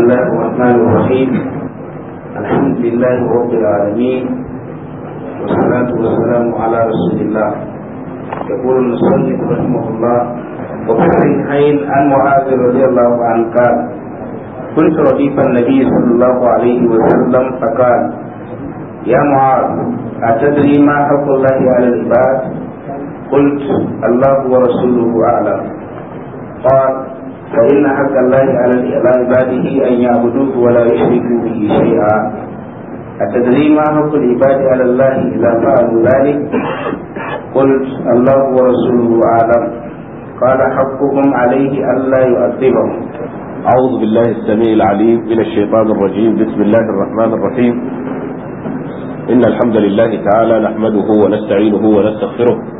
الله الرحمن الرحيم الحمد لله رب العالمين والصلاة والسلام على رسول الله يقول المصنف رحمه الله وفي الصحيحين عن معاذ رضي الله عنه قال كنت رديف النبي صلى الله عليه وسلم فقال يا معاذ أتدري ما حق الله على العباد قلت الله ورسوله أعلم قال فإن حق الله على عباده أن يعبدوه ولا يشركوا به شيئا أتدري ما حق العباد على الله إذا فعلوا ذلك قلت الله ورسوله أعلم قال حقهم عليه ألا يؤذبهم أعوذ بالله السميع العليم من الشيطان الرجيم بسم الله الرحمن الرحيم إن الحمد لله تعالى نحمده ونستعينه ونستغفره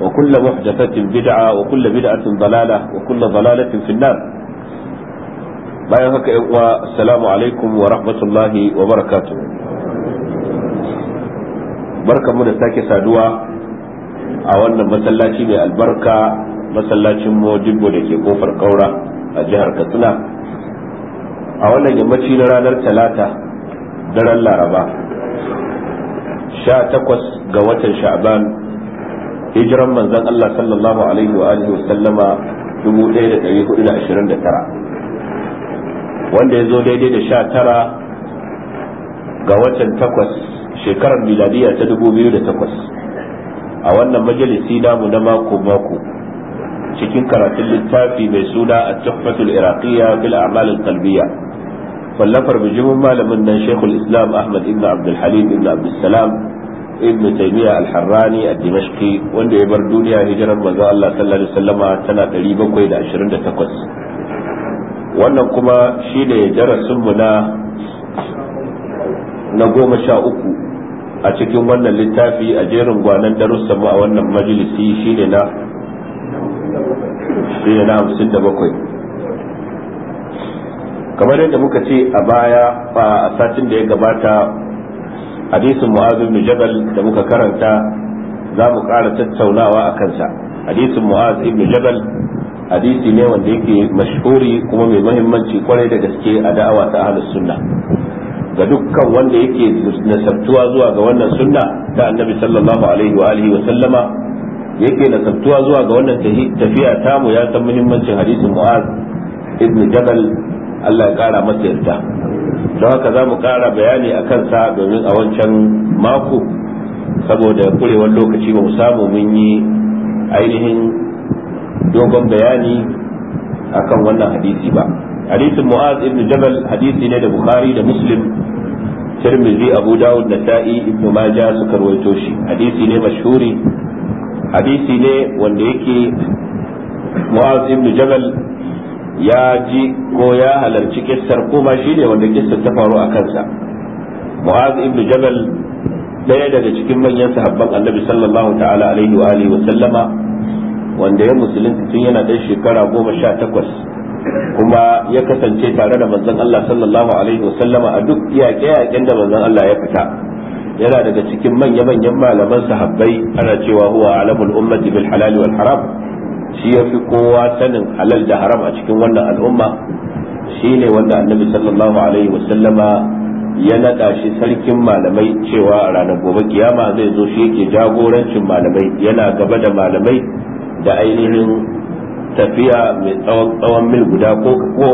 وكل kulle بدعة وكل بدعة ضلالة وكل ضلالة bayan haka uwa Salamu alaikum wa rahmatullahi wa barakatuh barkanmu da sake saduwa a wannan masallaci mai albarka masallacin mojibbo da ke ƙofar ƙaura a jihar katsina a wannan yammaci na ranar talata daren laraba sha 18 ga watan Sha'aban. hijiran manzon Allah sallallahu alaihi wa alihi wa sallama 1429 wanda ya zo daidai da 19 ga watan 8 shekarar miladiya ta 2008 a wannan majalisi damu na mako mako cikin karatun littafi mai suna a tuhfatul iraqiyya bil a'mal al fallafar bijimin malamin nan shekul islam ahmad ibn abdul halim ibn abdul salam ابن تيمية الحراني الدمشقي وانده يبر wanda ya bar duniya hijirar الله Allah وسلم alaihi wasallama tana عشرين wannan kuma shine darasin mu na na goma sha uku a cikin wannan littafi a jerin gwanan مجلسي mu a wannan majalisi shine kamar yadda muka ce a baya a satin da ya gabata hadisin mu'az ibn jabal da muka karanta za mu ƙara tattaunawa a kansa hadisin mu'az ibn jabal hadisi ne wanda yake mashhuri kuma mai muhimmanci kwarai da gaske a da'awa ta ahlus sunna ga dukkan wanda yake nasabtuwa zuwa ga wannan sunna ta annabi sallallahu alaihi wa alihi wa sallama yake nasabtuwa zuwa ga wannan tafiya tamu ya san muhimmancin hadisin mu'az ibn jabal Allah ya kara masa yarda don haka za mu kara bayani a kansa domin a wancan mako saboda kurewar lokaci ba mu samu mun yi ainihin dogon bayani a kan wannan hadisi ba hadisin mu'az ibn jabal hadisi ne da bukhari da muslim tirmizi abu dawud da sa'i ibn maja suka rawaito shi hadisi ne mashhuri hadisi ne wanda yake mu'az ibn jabal ya ji ko ya halarci kissar ko ba shi ne wanda kissar ta faru a kansa mu'az ibn jabal daya daga cikin manyan sahabban annabi sallallahu ta'ala alaihi wa alihi wa sallama wanda ya musulunta tun yana dan shekara goma sha takwas kuma ya kasance tare da manzon Allah sallallahu alaihi wa sallama a duk yaƙe-yaƙen da manzon Allah ya fita yana daga cikin manya-manyan malaman sahabbai ana cewa huwa alamul ummati bil halal wal haram shi ya fi kowa sanin halal da haram a cikin wannan al'umma shi ne wanda annabi sallallahu alaihi wasallama ya naɗa shi sarkin malamai cewa a ranar gobe kiyama zai zo shi yake jagorancin malamai yana gaba da malamai da ainihin tafiya mai tsawon mil guda ko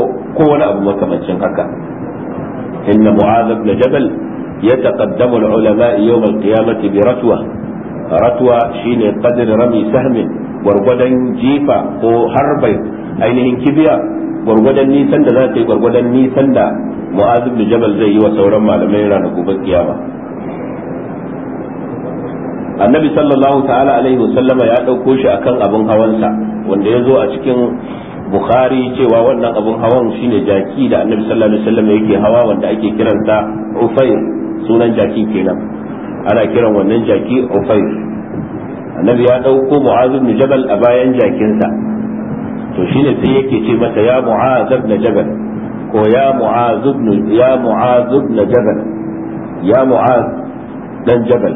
wani abu makamancin haka inna mu'az ibn jabal yataqaddamu al-ulama yawm al-qiyamati bi ratwa ratwa shine qadr rami sahmin gwargwadon jifa ko harbai ainihin kibiya gwargwadon nisan da za ta yi gwargwadon nisan da mu'azu bin jabal zai yi wa sauran malamai rana gobe kiyama annabi sallallahu ta'ala alaihi wasallama ya ɗauko shi akan abin hawansa wanda ya zo a cikin bukhari cewa wannan abin hawan shine jaki da annabi sallallahu alaihi wasallam yake hawa wanda ake kiranta ufair sunan jaki kenan ana kiran wannan jaki ufair annabi ya dauko mu'az ibn jabal a bayan jakinsa to shine sai yake ce masa ya mu'az na jabal ko ya mu'az ibn ya mu'az ibn jabal ya mu'az dan jabal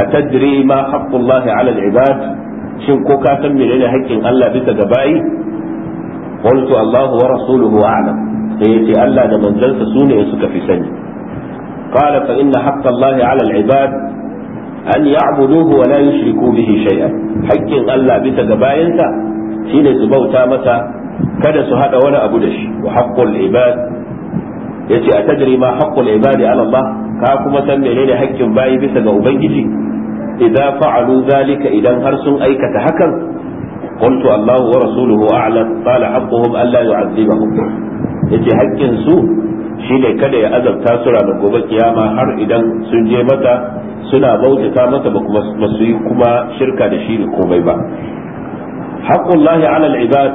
atadri ma haqqullahi 'ala al-ibad shin ko ka san menene haƙƙin Allah bisa ga bayi qultu Allahu wa rasuluhu a'lam sai yace Allah da manzansa sune suka fi sani qala fa inna haqqa Allah 'ala al-ibad an ya'buduhu wa la yushriku bihi shay'an haƙƙin Allah bisa ga bayansa shine su bauta masa kada su hada wani abu da shi wa haqqul ibad yace a tajri ma haqqul ibadi ala Allah ka kuma san menene haƙƙin bayi bisa ga ubangiji idza fa'alu zalika idan har sun aikata hakan قلت الله ورسوله أعلم قال حقهم ألا يعذبهم يجي حق سوء shine kada ya azabta su ranar gobe kiyama har idan sun je mata suna bautata mata ba kuma su yi kuma shirka da shi da komai ba haqqullahi ala al-ibad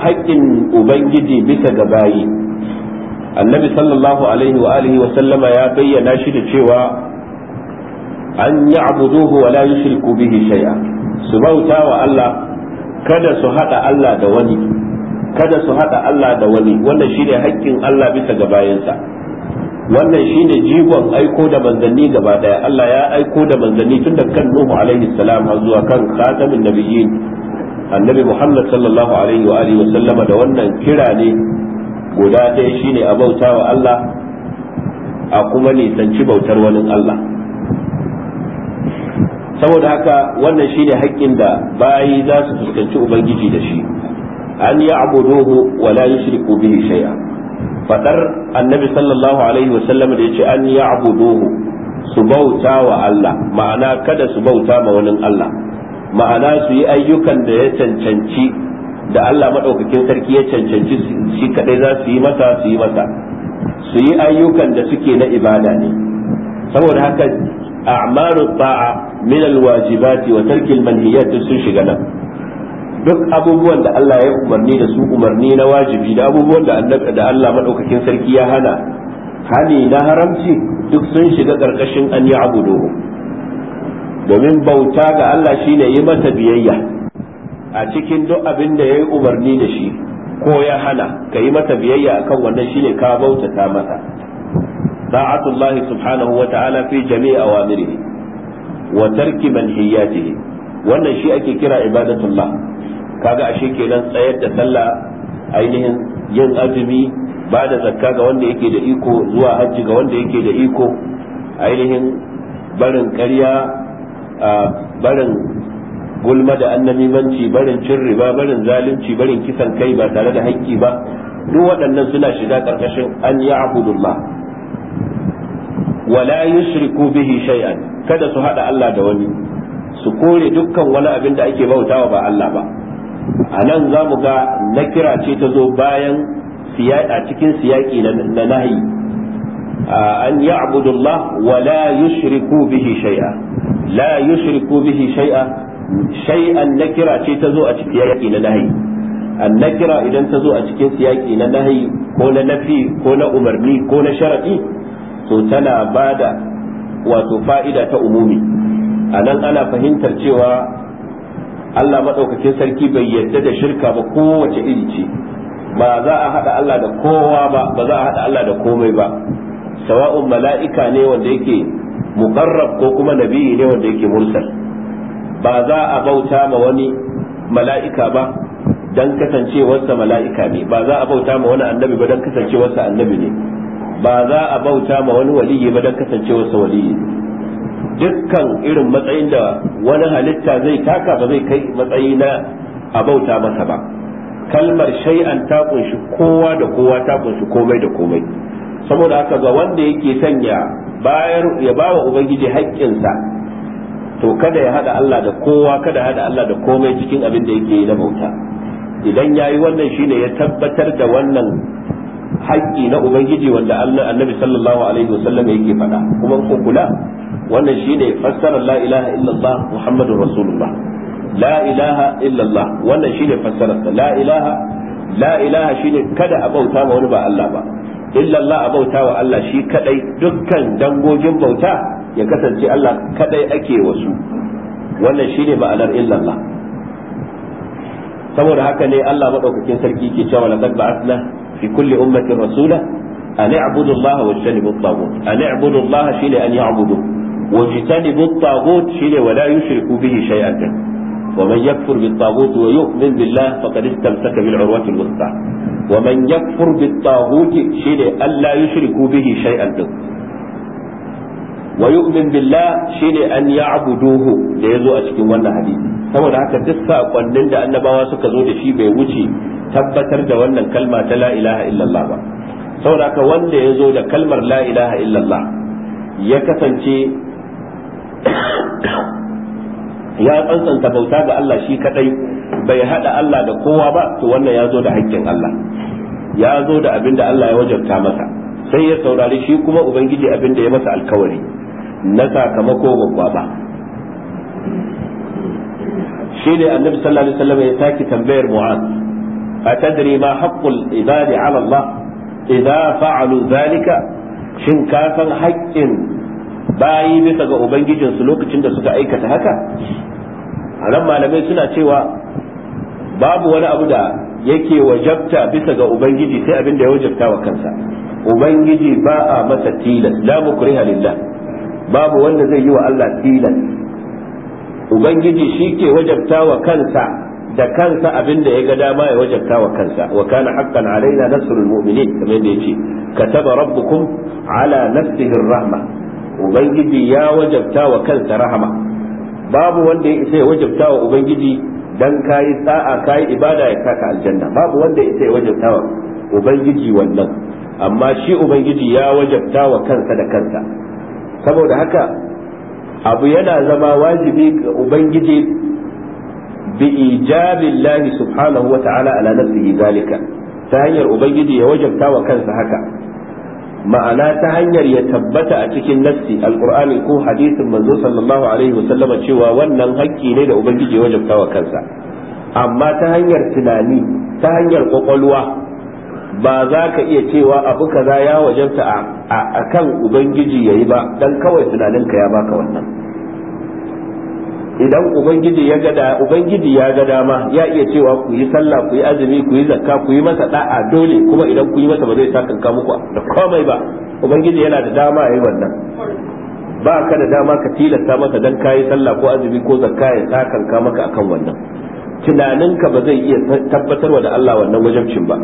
haqqin ubangiji bisa ga bayi annabi sallallahu alaihi wa alihi wa sallama ya bayyana shi da cewa an ya'buduhu wa la yushriku bihi shay'a su bauta wa Allah kada su hada Allah da wani kada su haɗa Allah da wani wannan shine haƙƙin Allah bisa ga bayansa wannan shine jigon aiko da manzanni gaba daya Allah ya aiko da manzanni tun da kan Nuhu alaihi salam har zuwa kan khatamin nabiyyin annabi Muhammad sallallahu alaihi wa alihi wa sallama da wannan kira ne guda ɗaya shine a bautawa Allah a kuma nisanci bautar wani Allah saboda haka wannan shine haƙƙin da bayi za su fuskanci ubangiji da shi an ya'buduhu wa la yushriku bihi shay'a fadar annabi sallallahu alaihi wa sallam da yace an ya'buduhu su bauta wa Allah ma'ana kada su bauta ma wani Allah ma'ana su yi ayyukan da ya cancanci da Allah madaukakin sarki ya cancanci shi kadai za su yi masa su yi masa su yi ayyukan da suke na ibada ne saboda haka a'malu ta'a min alwajibati wa tarkil manhiyat sun shiga nan duk abubuwan da Allah ya umarni da su umarni na wajibi da abubuwan da da Allah maɗaukakin sarki ya hana hani na haramci duk sun shiga karkashin an yi abudu domin bauta ga Allah shine yi mata biyayya a cikin duk abin da ya yi umarni da shi ko ya hana ka yi mata biyayya akan wannan shine ka bautata mata ta'atullahi subhanahu wa ta'ala fi jami'i awamirihi wa tarki manhiyatihi wannan shi ake kira ibadatullah kaga ashe kenan tsayar da sallah ainihin yin azumi ba da zakka ga wanda yake da iko zuwa hajji ga wanda yake da iko ainihin barin ƙarya a barin gulma da annamimanci barin cin riba barin zalunci barin kisan kai ba tare da haƙƙi ba duk waɗannan suna shiga ƙarƙashin an yi abudullah wala yushriku bihi shay'an kada su haɗa Allah da wani su kore dukkan wani abin da ake bautawa ba Allah ba a nan za mu ga nakira ce ta zo bayan a cikin siyaki na nahi an yi abudullah wa la yushriku bihi shay'a la yushriku bihi shay'a shay'an nakira ce ta zo a cikin siyaki na nahi an kira idan ta zo a cikin siyaki na nahi ko na nafi ko na umarni ko na sharadi to tana bada wato fa'ida ta umumi a nan ana fahimtar cewa Allah madaukakin sarki bai yarda da shirka ba kowace iri ce ba za a hada Allah da kowa ba ba za a hada Allah da komai ba sawa'un mala'ika ne wanda yake muqarrab ko kuma nabi ne wanda yake mursal ba za a bauta ma wani mala'ika ba dan kasancewarsa mala'ika ne ba za a bauta ma wani annabi ba dan kasancewarsa annabi ne ba za a bauta ma wani waliyi ba dan kasancewarsa waliyi ne dukkan irin matsayin da wani halitta zai taka ba zai kai matsayi na a bauta masa ba kalmar shay'an ta kunshi kowa da kowa ta kunshi komai da komai saboda haka ga wanda yake sanya bayar ya bawa ubangiji haƙƙinsa to kada ya hada Allah da kowa kada hada Allah da komai cikin abin da yake yi na bauta idan yayi wannan shine ya tabbatar da wannan haƙƙi na ubangiji wanda Allah annabi sallallahu alaihi wasallam yake faɗa kuma ku kula wannan shine fassarar la ilaha illallah muhammadur rasulullah la ilaha illallah wannan shine fassarar la ilaha la ilaha shine kada a bauta ma wani ba Allah ba illallah a bauta wa Allah shi kadai dukkan dangogin bauta ya kasance Allah kadai ake wasu wannan shine ma'anar illallah saboda haka ne Allah madaukakin sarki ke cewa laqad ba'athna fi kulli ummatin rasula an abudu Allah wa jtanibu at-taghut an i'budu Allah shine an ya'budu wajtanibu at-taghut shine wala yushriku bihi shay'an ومن يكفر بالطاغوت ويؤمن بالله فقد استمسك بالعروة الوثقى ومن يكفر بالطاغوت شيء ألا يشركوا به شيئا ويؤمن بالله شيء أن يعبدوه ليزو أشكي وانا duk sakonnin da annabawa suka zo da shi bai wuce tabbatar da wannan kalma ta la ilaha illallah ba saboda haka wanda ya zo da kalmar la ilaha illallah ya kasance ya tsantsanta bauta ga Allah shi kadai bai hada Allah da kowa ba to wannan ya zo da hakkin Allah ya zo da abin da Allah ya wajabta masa sai ya saurari shi kuma ubangiji abin da ya masa alkawari na sakamako ba shi ne annabi sallallahu alaihi wasallam ya saki tambayar mu'az atadri ma haqqul ibadi ala Allah idza fa'alu dhalika shin ka san haƙƙin bayi bisa ga ubangijinsu lokacin da suka aikata haka a nan malamai suna cewa babu wani abu da yake wajabta bisa ga ubangiji sai abin da ya wajabta wa kansa ubangiji ba a masa tilas la mukriha lillah babu wanda zai yi wa Allah tilas ubangiji shi ke wajabta wa kansa da kansa abin da ya ga dama ya wajabta wa kansa wa kana haqqan alaina nasrul mu'minin kamar da yace kataba rabbukum ala nafsihi rahma ubangiji ya wajabta wa kansa rahama babu wanda ya isa ya wajabta wa ubangiji dan kayi sa'a kayi ibada ya saka aljanna babu wanda ya isa ya wajabta wa ubangiji wannan amma shi ubangiji ya wajabta wa kansa da kansa saboda haka abu yana zama wajibi ga ubangiji bi ijabillahi subhanahu wa ta'ala ala nafsihi zalika ta hanyar ubangiji ya wajabta wa kansa haka ma'ana ta hanyar ya tabbata a cikin nassi alqur'ani ko hadisin manzo sallallahu alaihi wasallama cewa wannan hakki ne da ubangiji wajen wa kansa amma ta hanyar tunani ta hanyar kwakwalwa ba za ka iya cewa abu kaza ya wajenta a kan ubangiji yayi ba dan kawai tunaninka ya baka wannan idan ubangiji ya ga ubangiji ya ga dama ya iya cewa ku yi sallah ku yi azumi ku yi zakka ku yi masa da'a dole kuma idan ku yi masa ba zai sakanka muku da komai ba ubangiji yana da dama yayi wannan ba ka da dama ka tilasta masa dan kayi sallah ko azumi ko zakka ya sakanka maka akan wannan tunaninka ba zai iya tabbatarwa da Allah wannan wajabcin ba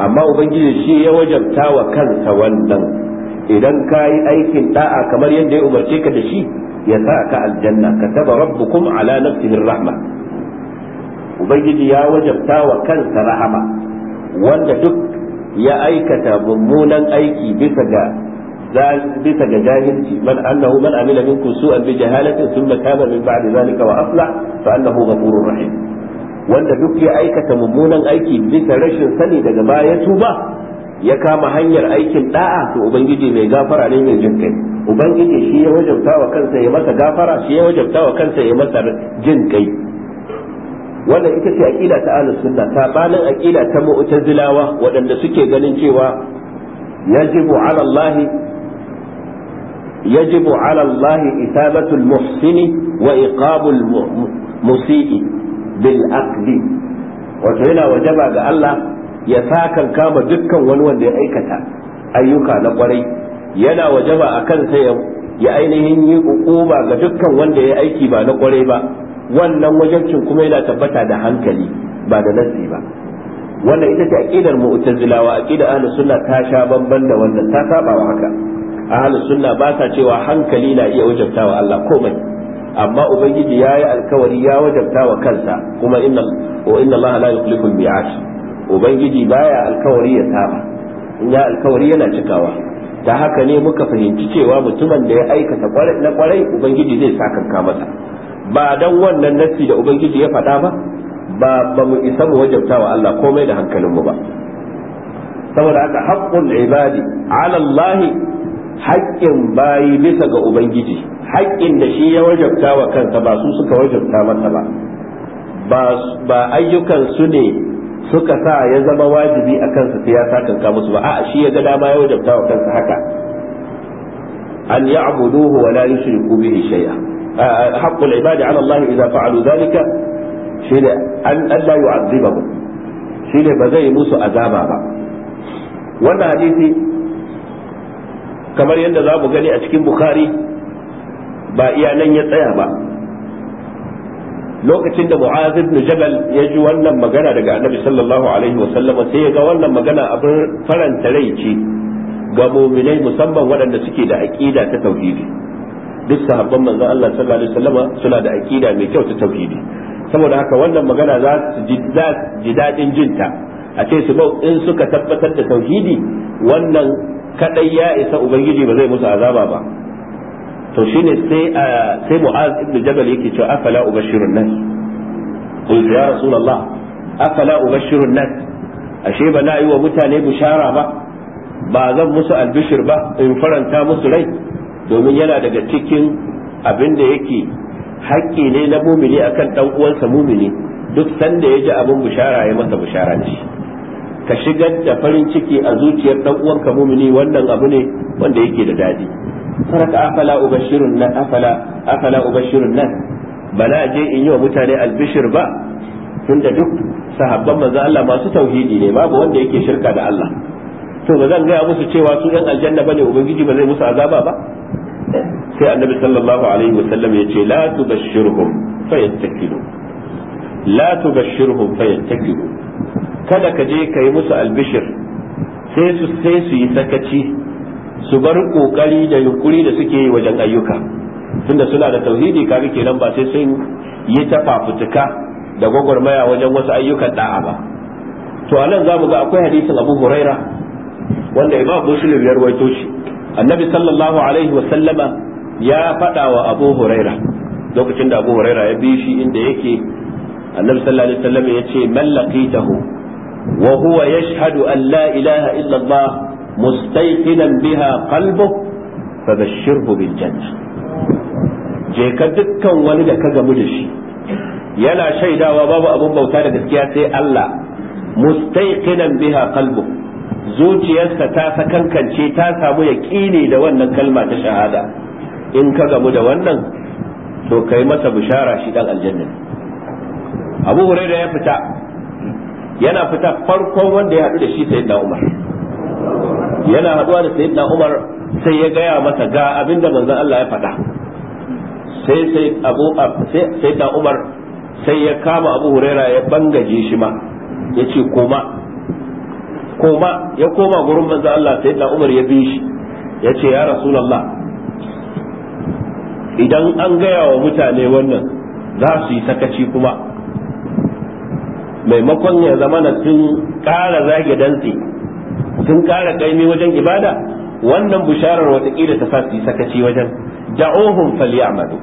amma ubangiji shi ya wajabta wa kansa wannan idan kayi aikin da'a kamar yadda ya umarce ka da shi ya sa ka aljanna kataba rabbukum ala nafsihi rahma ubangiji ya wajabta wa kansa rahama wanda duk ya aikata mummunan aiki bisa ga bisa ga jahilci man annahu man amila minkum su'an bi jahalatin thumma taba min ba'di zalika wa aslah fa annahu wanda duk ya aikata mummunan aiki bisa rashin sani daga baya tuba ya kama hanyar aikin da'a to ubangiji mai gafara ne mai jin kai ubangiji shi ya wajabta wa kansa ya masa gafara shi ya wajabta wa kansa ya masa jin kai wannan ita ce aqida ta ahlus sunna sabanin aqida ta mu'tazilawa waɗanda suke ganin cewa yajibu ala Allah yajibu ala Allah isabatul muhsini wa iqabul musii bil aqdi wato yana wajaba ga Allah ya sakan kama dukkan wani wanda ya aikata ayyuka na kwarai yana wajaba a kansa ya ainihin yi hukuma ga dukkan wanda ya aiki ba na kwarai ba wannan wajencin kuma yana tabbata da hankali ba da nasi ba wannan ita ce aqidar mu'tazilawa aqidar ahlus sunna ta sha bamban da wannan ta saba wa haka ahlus sunna ba sa cewa hankali na iya wajabtawa Allah komai amma ubangiji yayi alkawari ya wajabtawa kansa kuma inna wa inna Allah la yukhlifu al ubangiji baya alkawari ya saba in ya alkawari yana cikawa ta haka ne muka fahimci cewa mutumin da ya aikata na kwarai ubangiji zai sakanka masa ba dan wannan nassi da ubangiji ya faɗa ba ba ba mu isa mu wajabta wa Allah komai da hankalin mu ba saboda haka haqqul ibadi ala Allah haƙƙin bayi bisa ga ubangiji haƙƙin da shi ya wajabta wa kansa ba su suka wajabta masa ba ba ayyukan su ne suka sa ya zama wajibi a kansa sai ya sakanka musu ba a'a shi ya ga dama ya wajabta wa kansa haka an ya'buduhu wa la yushriku bihi shay'a haqqul ibadi ala Allah idza fa'alu dhalika shine an alla yu'adhibahum shine ba zai musu azaba ba wannan hadisi kamar yadda za mu gani a cikin bukhari ba nan ya tsaya ba lokacin da mu'az ibn jabal ya ji wannan magana daga annabi sallallahu alaihi wa sallama sai ya ga wannan magana abin faranta rai ce ga mu'minai musamman waɗanda suke da aqida ta tauhidi duk sahabban manzon Allah sallallahu alaihi suna da aqida mai kyau ta tauhidi saboda haka wannan magana za su ji daɗin jinta a ce su bau in suka tabbatar da tauhidi wannan kadai ya isa ubangiji ba zai musu azaba ba to shine sai sai mu'az ibn jabal yake cewa afala ubashirun nas qul ya rasulullah afala ubashirun nas ashe ba na yi wa mutane bishara ba ba zan musu albishir ba in faranta musu rai domin yana daga cikin abin da yake haƙƙi ne na mumini akan dan uwansa mumini duk sanda ya ji abin bishara ya masa bishara ne. ka shigar da farin ciki a zuciyar dan uwanka mumini wannan abu ne wanda yake da daɗi saraka afala ubashirun nan afala afala ubashirun nan bala je in yi wa mutane albishir ba tunda duk sahabban manzo Allah masu tauhidi ne babu wanda yake shirka da Allah to ba zan gaya musu cewa su ɗan aljanna bane ubangiji ba zai musu azaba ba sai annabi sallallahu alaihi wasallam ya ce la tubashshirhum fayattakilu la tubashshirhum fayattakilu kada ka je ka yi musu albishir sai su sai su yi sakaci su bar kokari da yunkuri da suke yi wajen ayyuka tunda suna da tauhidi kaga kenan ba sai sun yi ta fafutuka da gwagwarmaya wajen wasu ayyukan da'a ba to anan za mu ga akwai hadisin abu huraira wanda imam muslim ya rawaito shi annabi sallallahu alaihi wa sallama ya faɗa wa abu huraira lokacin da abu huraira ya bi shi inda yake annabi sallallahu alaihi wa sallam ya ce mallaqitahu wa huwa yashhadu an la ilaha illa allah mustayqinan biha qalbuhu fabashshirhu bil janna je ka dukkan wani da ka gamu da shi yana shaidawa babu abin bauta da gaskiya sai Allah mustayqinan biha qalbuhu zuciyarsa ta sakankance ta samu yaqini da wannan kalma ta shahada in ka gamu da wannan to kai masa bishara shi dan aljanna Abu Hurairah ya fita yana fita farkon wanda ya haɗu da shi sai da Umar yana haduwa da sayyidina Umar sai ya gaya masa ga abinda manzon Allah ya faɗa sai sai Abu sayyidina Umar sai ya kama Abu Huraira ya bangaje shi ma yace koma koma ya koma gurin manzon Allah sayyidina Umar ya bi shi yace ya Rasulullah idan an gaya wa mutane wannan za su yi sakaci kuma maimakon ya zama na sun ƙara zage dantse sun ƙara ƙaimi wajen ibada wannan bisharar watakila ta sa su sakaci wajen da'uhum falyamalu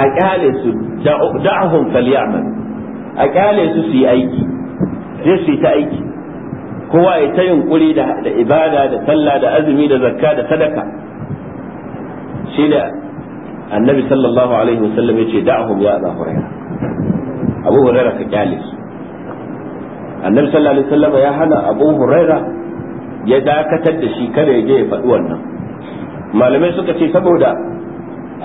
a kyale su da'uhum falyamalu a kyale su su yi aiki sai su yi ta aiki kowa ya ta yunkuri da ibada da sallah da azumi da zakka da sadaka shi da annabi sallallahu alaihi wasallam ya ce da'ahum ya abu hurairah abu hurairah ka kyale su annabi sallallahu alaihi wasallam ya hana abu huraira ya dakatar da shi kada ya je ya faɗi wannan malamai suka ce saboda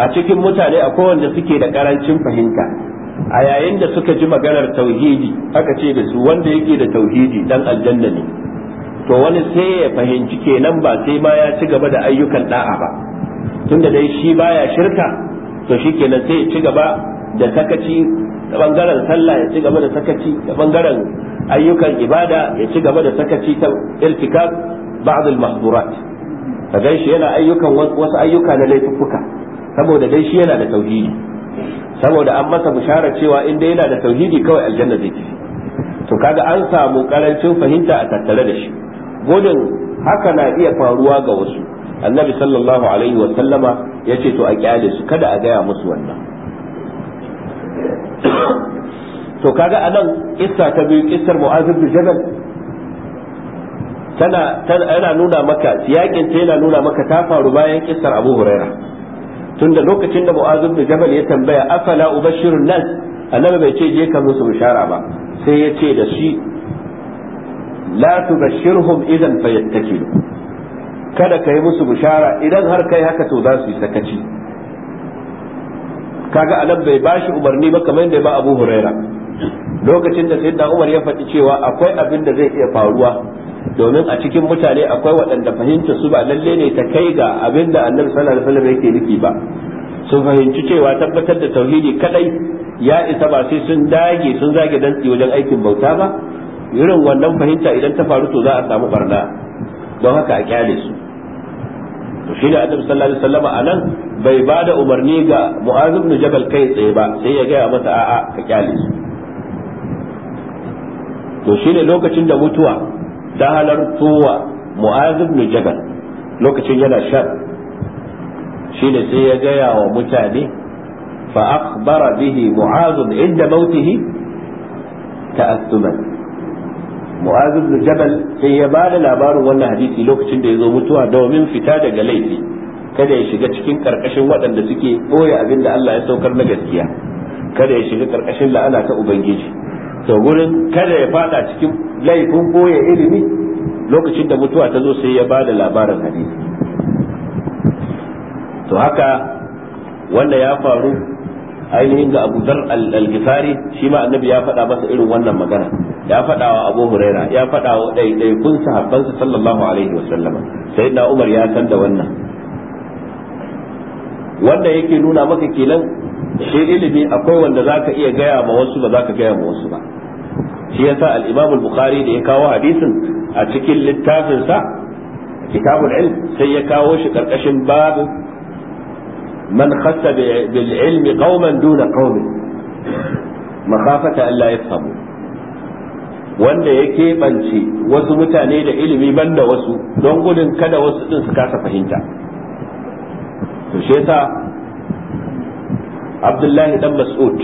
a cikin mutane akwai wanda suke da karancin fahimta a yayin da suka ji maganar tauhidi aka ce da su wanda yake da tauhidi dan aljanna ne to wani sai ya fahimci kenan ba sai ma ya ci gaba da ayyukan da'a ba tunda dai shi baya shirka to shi kenan sai ya ci gaba da sakaci ta bangaren sallah ya ci gaba da sakaci ta bangaren ayyukan ibada ya ci gaba da sakaci ta irtikab ba'd al-mahdurat ka gan shi yana ayyukan wasu ayyuka na laifuffuka saboda dai shi yana da tauhidi saboda an masa bishara cewa in dai yana da tauhidi kawai aljanna zai tafi to kaga an samu karancin fahimta a tattare da shi gudun haka na iya faruwa ga wasu annabi sallallahu alaihi wa sallama yace to a kyale su kada a gaya musu wannan to kaga anan kissa ta biyu kissar mu'azin da jabal tana yana nuna maka siyakin ta yana nuna maka ta faru bayan ƙisar abu huraira tunda lokacin da mu'azin da jabal ya tambaya afala ubashirun nas annabi bai ce je ka musu bishara ba sai ya ce da shi la tubashirhum idan fayattakilu kada ka yi musu bishara idan har kai haka to za su yi sakaci kaga anan bai bashi umarni ba kamar yadda ba Abu Huraira lokacin da sayyidina Umar ya faɗi cewa akwai abin da zai iya faruwa domin a cikin mutane akwai waɗanda fahimta su ba lalle ne ta kai ga abin da Annabi sallallahu alaihi wasallam yake nufi ba sun fahimci cewa tabbatar da tauhidi kadai ya isa ba sai sun dage sun zage dantsi wajen aikin bauta ba irin wannan fahimta idan ta faru to za a samu barna don haka a kyale su to shi da annabi sallallahu alaihi wasallam anan bai ba da umarni ga mu'az ibn jabal kai tsaye ba sai ya gaya masa a'a ka kyale su to shi ne lokacin da mutuwa ta halartowa mu'az ibn jabal lokacin yana shar shi ne sai ya gaya wa mutane fa akhbara bihi mu'az inda mautihi ta'assuman mu'az ibn jabal sai ya bada labarin wannan hadisi lokacin da ya zo mutuwa domin fita daga laifi kada ya shiga cikin karkashin waɗanda suke ɓoye abin da Allah ya saukar na gaskiya kada ya shiga karkashin la'ana ta ubangiji to gurin kada ya fada cikin laifin ɓoye ilimi lokacin da mutuwa ta zo sai ya ba da labarin hadisi to haka wanda ya faru ainihin ga Abu Dar al-Ghifari shi ma annabi ya faɗa masa irin wannan magana ya faɗa wa Abu Huraira ya faɗa wa ɗaiɗaikun sa sallallahu alaihi wa sallama da Umar ya san da wannan wanda yake nuna maka kenan shi ilimi akwai wanda zaka iya gaya ma wasu ba zaka gaya ma wasu ba shi yasa al-Imam al-Bukhari da ya kawo hadisin a cikin littafin sa kitabul ilm sai ya kawo shi karkashin babu man khassa bil ilmi qauman duna qaumin makhafata an wanda ya keɓance wasu mutane da ilimi da wasu don gudun kada wasu din su kasa fahimta to shi yasa Abdullahi dan Mas'ud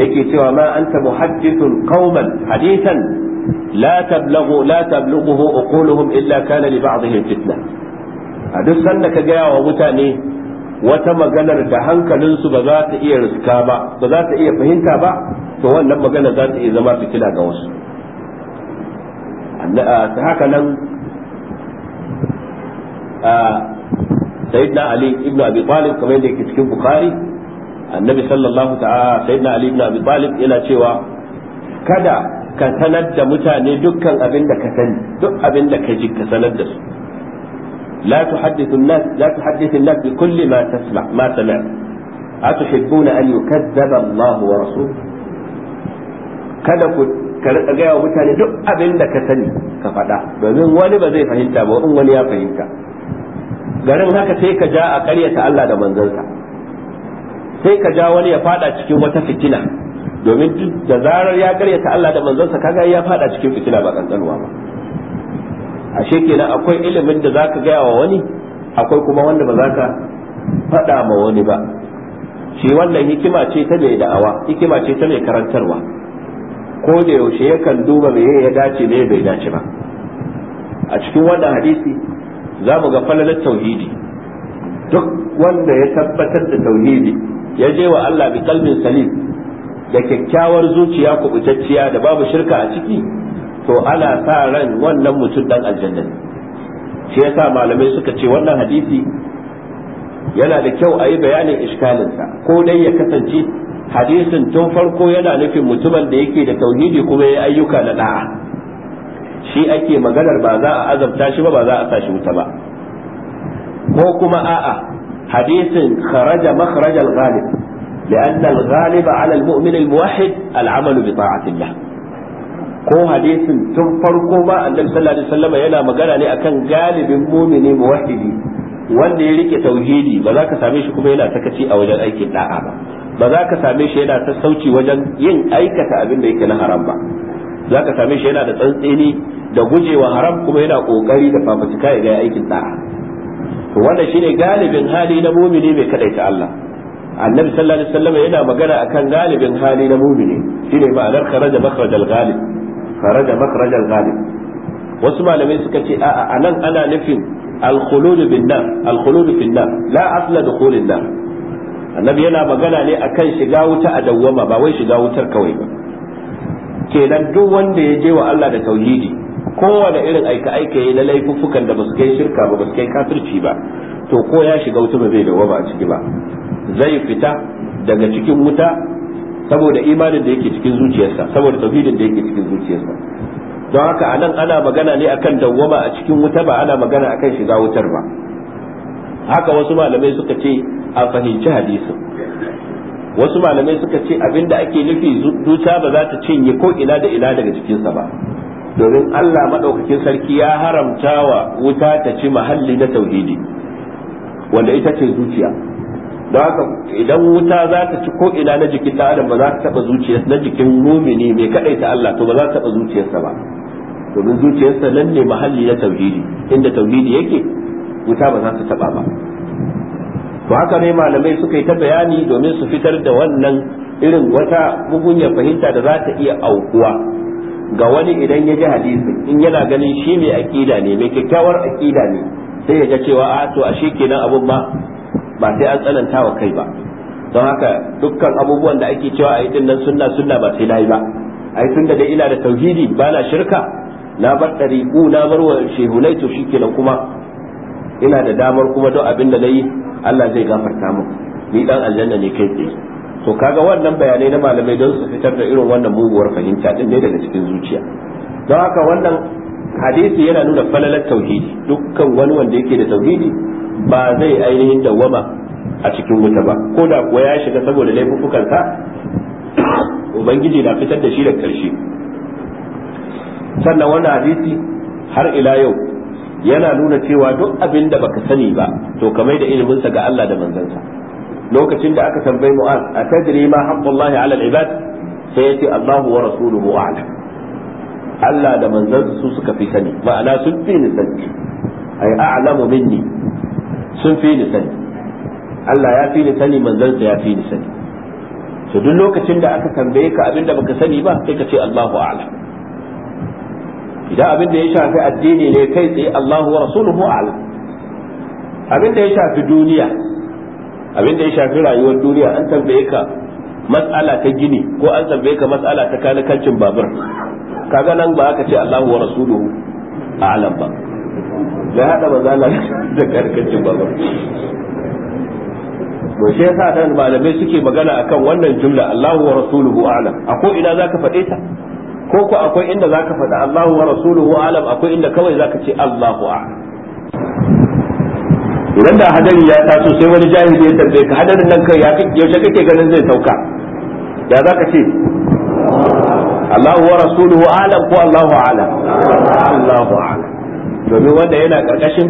yake cewa ma anta muhaddithun qauman hadithan la tablughu la tablughu uquluhum illa kana li ba'dihim fitna a duk sanda ka gaya wa mutane wata maganar da hankalinsu ba za ta iya riska ba ba za ta iya fahimta ba to wannan magana za ta iya zama fitina ga wasu ta haka nan sayyidina ali ibn abi talib kamar yadda yake cikin bukhari annabi sallallahu ta'ala sayyidina ali ibn abi talib yana cewa kada ka sanar da mutane dukkan abin da ka sani duk abin da ka ji ka sanar da su لا تحدث الناس لا تحدث الناس بكل ما تسمع ما سمعت أتحبون أن يكذب الله ورسوله kada ku ka ga gaya wa mutane duk abin da ka sani ka faɗa domin wani ba zai fahimta ba in wani ya fahimta garin haka sai ka ja a ƙaryata Allah da manzansa sai ka ja wani ya faɗa cikin wata fitina domin da zarar ya ƙaryata Allah da manzansa kaga ya faɗa cikin fitina ba kankanuwa ba ashe kenan akwai ilimin da zaka gaya wa wani akwai kuma wanda ba zaka faɗa ma wani ba shi wannan hikima ce ta mai da'awa hikima ce ta mai karantarwa ko da yaushe yakan duba me ya dace ne bai dace ba a cikin wannan hadisi za mu ga falalar tauhidi duk wanda ya tabbatar da tauhidi ya je wa Allah bi kalbin salim da kyakkyawar zuciya kubutacciya da babu shirka a ciki to ana sa ran wannan mutum dan aljanna ne shi yasa malamai suka ce wannan hadisi yana da kyau a yi bayanin iskalinsa ko dai ya kasance hadisin tun farko yana nufin mutumin da yake da tauhidi kuma ya ayyuka na da'a shi ake maganar ba za a azabta shi ba ba za a sashi wuta ba ko kuma a'a hadisin kharaja makharaj al-ghalib لأن الغالب على المؤمن الموحد العمل بطاعة الله ko hadisin tun farko ma annabi sallallahu alaihi wasallam yana magana ne akan galibin mumini muwahhidi wanda ya rike tauhidi ba za ka same shi kuma yana sakaci a wajen aikin da'a ba ba za ka same shi yana sassauci wajen yin aikata abin da yake na haram ba za ka same shi yana da tsantseni da gujewa haram kuma yana kokari da fafutuka ya ga aikin da'a to wannan shine galibin hali na mumini mai kadaita Allah annabi sallallahu alaihi wasallam yana magana akan galibin hali na mumini shine ma'anar kharaja makhrajal ghalib da makarantar ghalib wasu malamai suka ce a'a anan ana nufin al-khulud bin nar al-khulud fil nar la asla dukhulin nar annabi yana magana ne akan shiga wuta a dawwama ba wai shiga wutar kawai ba kenan duk wanda ya je wa Allah da tauhidi kowane irin aika aika yi na laifuffukan da basu kai shirka ba basu kai kafirci ba to ko ya shiga wuta ba zai dawwama a ciki ba zai fita daga cikin wuta saboda imanin da yake cikin zuciyarsa saboda tauhidin da yake cikin zuciyarsa don haka anan ana magana ne akan dawwama a cikin wuta ba ana magana akan shiga wutar ba haka wasu malamai suka ce a fahimci hadisin wasu malamai suka ce abinda ake nufi zuciya ba za ta cinye ko ina da ina daga cikinsa ba domin Allah maɗaukakin sarki ya haramtawa wuta ta ci mahalli na tauhidi wanda ita ce zuciya don haka idan wuta za ta ci ko ina na jikin ta adam ba za ta taɓa zuciyarsa na jikin mumini mai kaɗai ta Allah to ba za ta taɓa zuciyarsa ba domin zuciyarsa nan ne mahalli na tauhidi inda tauhidi yake wuta ba za ta taɓa ba to haka ne malamai suka yi ta bayani domin su fitar da wannan irin wata mugunyar fahimta da za ta iya aukuwa ga wani idan ya ji hadisi in yana ganin shi mai akida ne mai kyakkyawar akida ne sai ya ga cewa a to ashe kenan abun ba. ba sai an tsananta wa kai ba don haka dukkan abubuwan da ake cewa a yi dinnan sunna sunna ba sai nayi ba ai tun da ina da tauhidi ba na shirka na bar u na bar wa shehunai to kenan kuma ina da damar kuma don abin da na yi Allah zai gafarta mu ni dan aljanna ne kai tsaye to kaga wannan bayanai na malamai don su fitar da irin wannan muguwar fahimta din ne daga cikin zuciya don haka wannan hadisi yana nuna falalar tauhidi dukkan wani wanda yake da tauhidi ba zai ainihin dawwama a cikin wuta ba ko da kuwa ya shiga saboda laifuffukansa ubangiji na fitar da shi da karshe sannan wannan hadisi har ila yau yana nuna cewa duk abin da baka sani ba to kamar da iliminsa ga Allah da manzansa lokacin da aka tambayi mua a tajri ma haqqullahi ala al-ibad sai yace Allahu wa rasuluhu a'lam Allah da manzansa su suka fi sani ma'ana sun fi ni sani ai a'lamu minni sun fi ni sani Allah ya fi ni sani manzansa ya fi ni sani to duk lokacin da aka tambaye ka abin da baka sani ba sai ka ce Allahu a'lam idan abin da ya shafi addini ne kai tsaye Allahu wa rasuluhu a'lam abin da ya shafi duniya abin da ya shafi rayuwar duniya an tambaye ka mas'ala ta gini ko an tambaye ka mas'ala ta kanakancin babur kaga nan ba aka ce Allahu wa rasuluhu a'lam ba ya hada mazala da karkacin ba to shi yasa dan malamai suke magana akan wannan jumla Allahu wa rasuluhu a'lam akwai ina zaka faɗe ta ko ko akwai inda zaka faɗa Allahu wa rasuluhu a'lam akwai inda kawai zaka ce Allahu a'lam idan da hadari ya taso sai wani jahili ya tambaye ka hadarin nan kai yaushe kake ganin zai sauka ya zaka ce Allahu wa rasuluhu a'lam ko Allahu a'lam Allahu a'lam domin wanda yana karkashin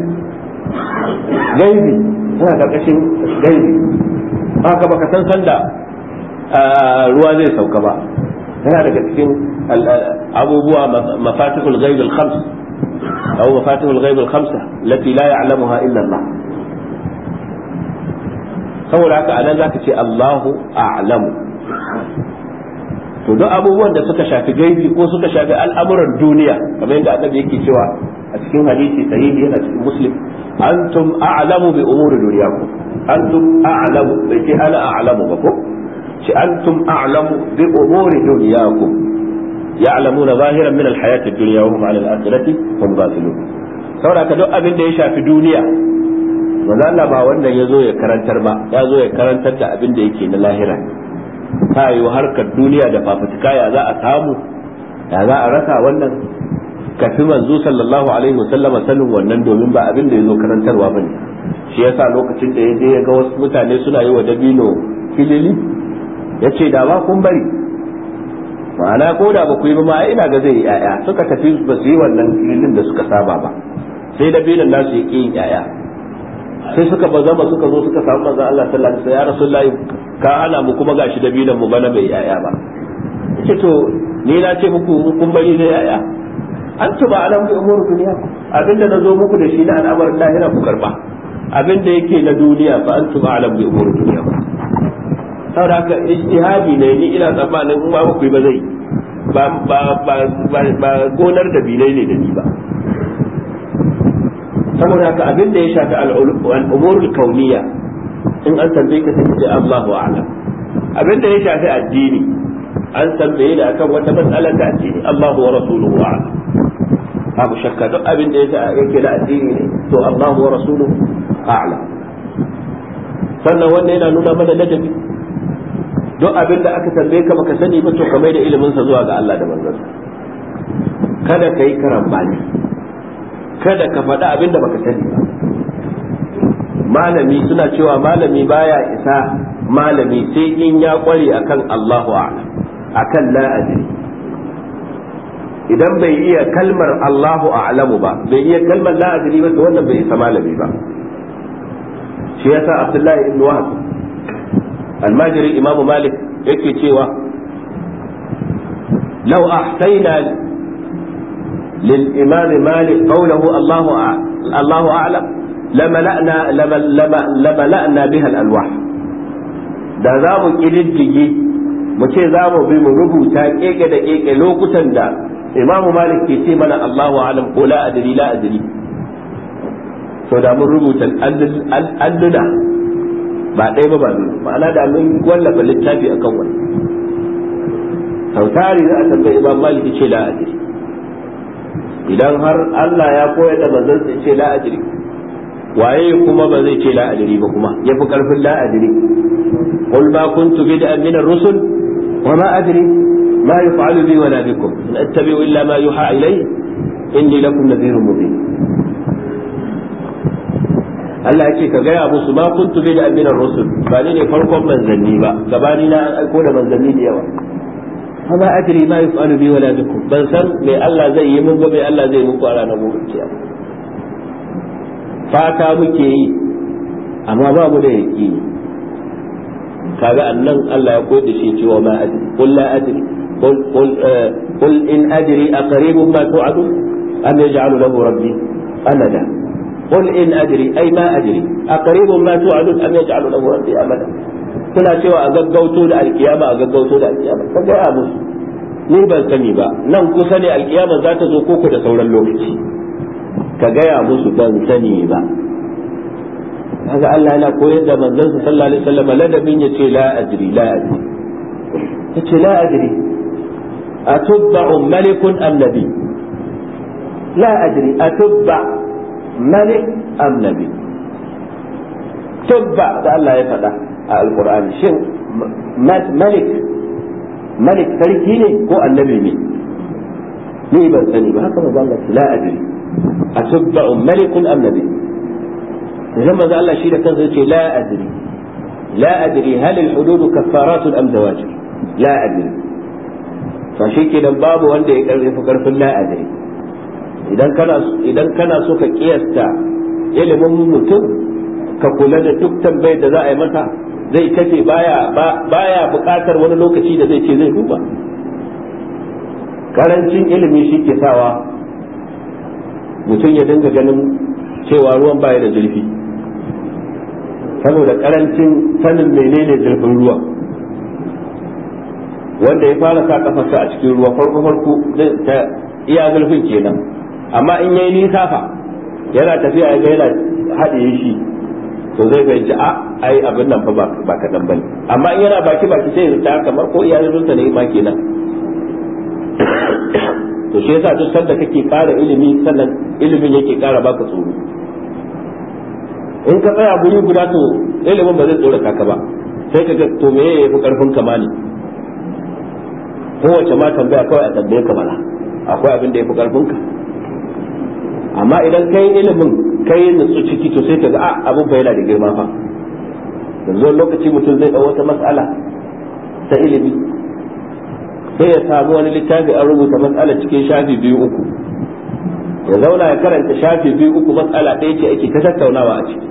gaibi yana karkashin gaibi ka baka san sanda ruwa zai sauka ba yana daga cikin abubuwa mafatihul ghaib al khams khamsa lati la ya'lamuha illa Allah saboda haka anan zaka ce Allahu a'lamu to duk abubuwan da suka shafi gaibi ko suka shafi al'amuran duniya kamar yadda annabi yake cewa a cikin hadisi sahihi yana cikin muslim antum a'lamu bi umuri dunyakum antum a'lamu bai ce ana a'lamu ba ko ce antum a'lamu bi umuri dunyakum ya'lamuna zahiran min al-hayati ad-dunya wa hum 'ala al-akhirati hum ghafilun saboda ka duk abin da ya shafi duniya manzo Allah ba wannan yazo ya karantar ba yazo ya karantar da abin da yake na lahira ta yi harkar duniya da fafutuka ya za a samu ya za a rasa wannan kafi manzo sallallahu alaihi wasallama sanin wannan domin ba abin da ya zo karantarwa bane shi yasa lokacin da ya je ya ga wasu mutane suna yi wa dabino filili ya ce da ba kun bari ma'ana ko da ba ku yi ba ma ina ga zai yi 'ya'ya suka tafi ba su yi wannan filin da suka saba ba sai dabinon nasu ya ƙi yin 'ya'ya sai suka bazama suka zo suka samu manzon Allah sallallahu alaihi wasallam ya rasulullahi ka ana mu kuma gashi dabinan mu bana bai yaya ba yace to ni na ce muku kun bari ne yaya antum alam bi umur dunya abinda nazo muku da shi na al'amarin lahira ku karba abinda yake na duniya fa antum alam bi umur dunya saboda haka ijtihadi ne ni ina tsammanin in ba ku yi ba zai ba ba ba gonar da bilai ne da ni ba saboda haka abin da ya shafi al'umurul kauniya in an tambaye ka sai ce Allahu a'lam abin da ya shafi addini an tambaye da akan wata matsala ta addini Allahu wa rasuluhu a'lam abu shakka duk abin da yake da addini ne to Allahu wa rasuluhu a'lam sannan wanda yana nuna mana ladabi duk abin da aka tambaye ka baka sani ba to kamar da ilimin sa zuwa ga Allah da manzon kada ka yi karambani kada ka faɗi abin da baka sani malami suna cewa malami baya isa malami sai in ya ƙware akan Allahu a'lam akan la adri idan bai iya kalmar Allahu a'lamu ba bai iya kalmar la adri ba wannan bai isa malami ba shi yasa Abdullahi ibn Wahab almajiri Imam Malik yake cewa law ahsayna للإمام مالك قوله الله الله أعلم لملأنا لملأنا بها الألواح da za mu ƙididdige mu ce za mu bi mu rubuta ƙeƙe da ƙeƙe lokutan da imamu malik ke ce mana allahu alam ko la adri la adri to da mun rubuta alluna ba ɗaya ba ba ma'ana da mun wallafa littafi akan wani sautari za a tambayi imam malik ce la adri idan har Allah ya koyar da manzon sai ce la ajri waye kuma ba zai ce la ajri ba kuma yafi karfin la ajri qul ba kuntu bid'an min ar-rusul wa ma ajri ma yaf'alu bi wa la bikum in attabi'u illa ma yuha ilay inni lakum nadhirun mubin Allah yake ka gaya musu ba kuntu bid'an min ar-rusul ba ni ne farkon manzanni ba gabanina na an aiko da manzanni da yawa fa ma adri ma yaf'alu bi wala bikum ban san mai Allah zai yi mun ba Allah zai muku a ranar gobe kiyama fata muke yi amma ba mu da yaqini kaga annan Allah ya koyi da shi cewa ma adri qul la adri qul qul eh, qul in adri aqribun ma tu'adun am yaj'alu lahu rabbi amada قل إن أدري أي ما أدري أقريب ما توعدون أم يجعل lahu rabbi amada suna cewa a gaggauto da alkiyama a gaggauto da alkiyama ka gaya musu ni ban sani ba nan kusa ne alkiyama za ta zo koko da sauran lokaci ka gaya musu ban sani ba kaga Allah yana koyar da manzon sa sallallahu alaihi wasallam ladabin yace la adri la adri yace la adri atubba malikun am nabi la adri atubba malik am nabi tubba da Allah ya faɗa a alkur'ani shin malik malik sarki ne ko annabi ne ni ban sani ba haka manzo Allah la adri atba'u malikun am nabi idan manzo Allah shi da kansa yace la adri la adri hal al hudud kaffaratun am zawajir la adri fa shi kenan babu wanda ya karfi karfin la adri idan kana idan kana so ka kiyasta ilimin mutum ka kula da duk tambayar da za a yi mata. zai kace baya baya buƙatar wani lokaci da zai ce zai duba karancin ilimi shi ke sawa mutum ya dinga ganin cewa ruwan baya da zurfi saboda karancin sanin menene zurfin ruwa. wanda ya fara sa kafarsa a cikin ruwa farko farko ta iya zurfin kenan amma in yayi nisa fa yana tafiya ya ga yana haɗe shi to zai ga a ah, ai abin nan fa ba ka dan bane amma in yana baki baki sai ya ta kamar ko iyalinsa ne ma kenan to shi yasa duk sanda kake fara ilimi sannan ilimin yake kara baka tsoro in ka tsaya guri guda to ilimin ba zai tsorata ka ba sai ka ga to me yake fi karfin kama ne kowace ma tambaya kawai a tambaye ka mana akwai abin da ya fi karfin ka amma idan kai ilimin kai nutsu ciki to sai ka ga a ah, abin fa yana da girma fa yanzu lokaci mutum zai ɗau wata mas'ala ta ilimi sai ya samu wani littafi an rubuta mas'ala cikin shafi biyu uku ya zauna ya karanta shafi biyu uku mas'ala ɗaya ce ake ta tattaunawa a ciki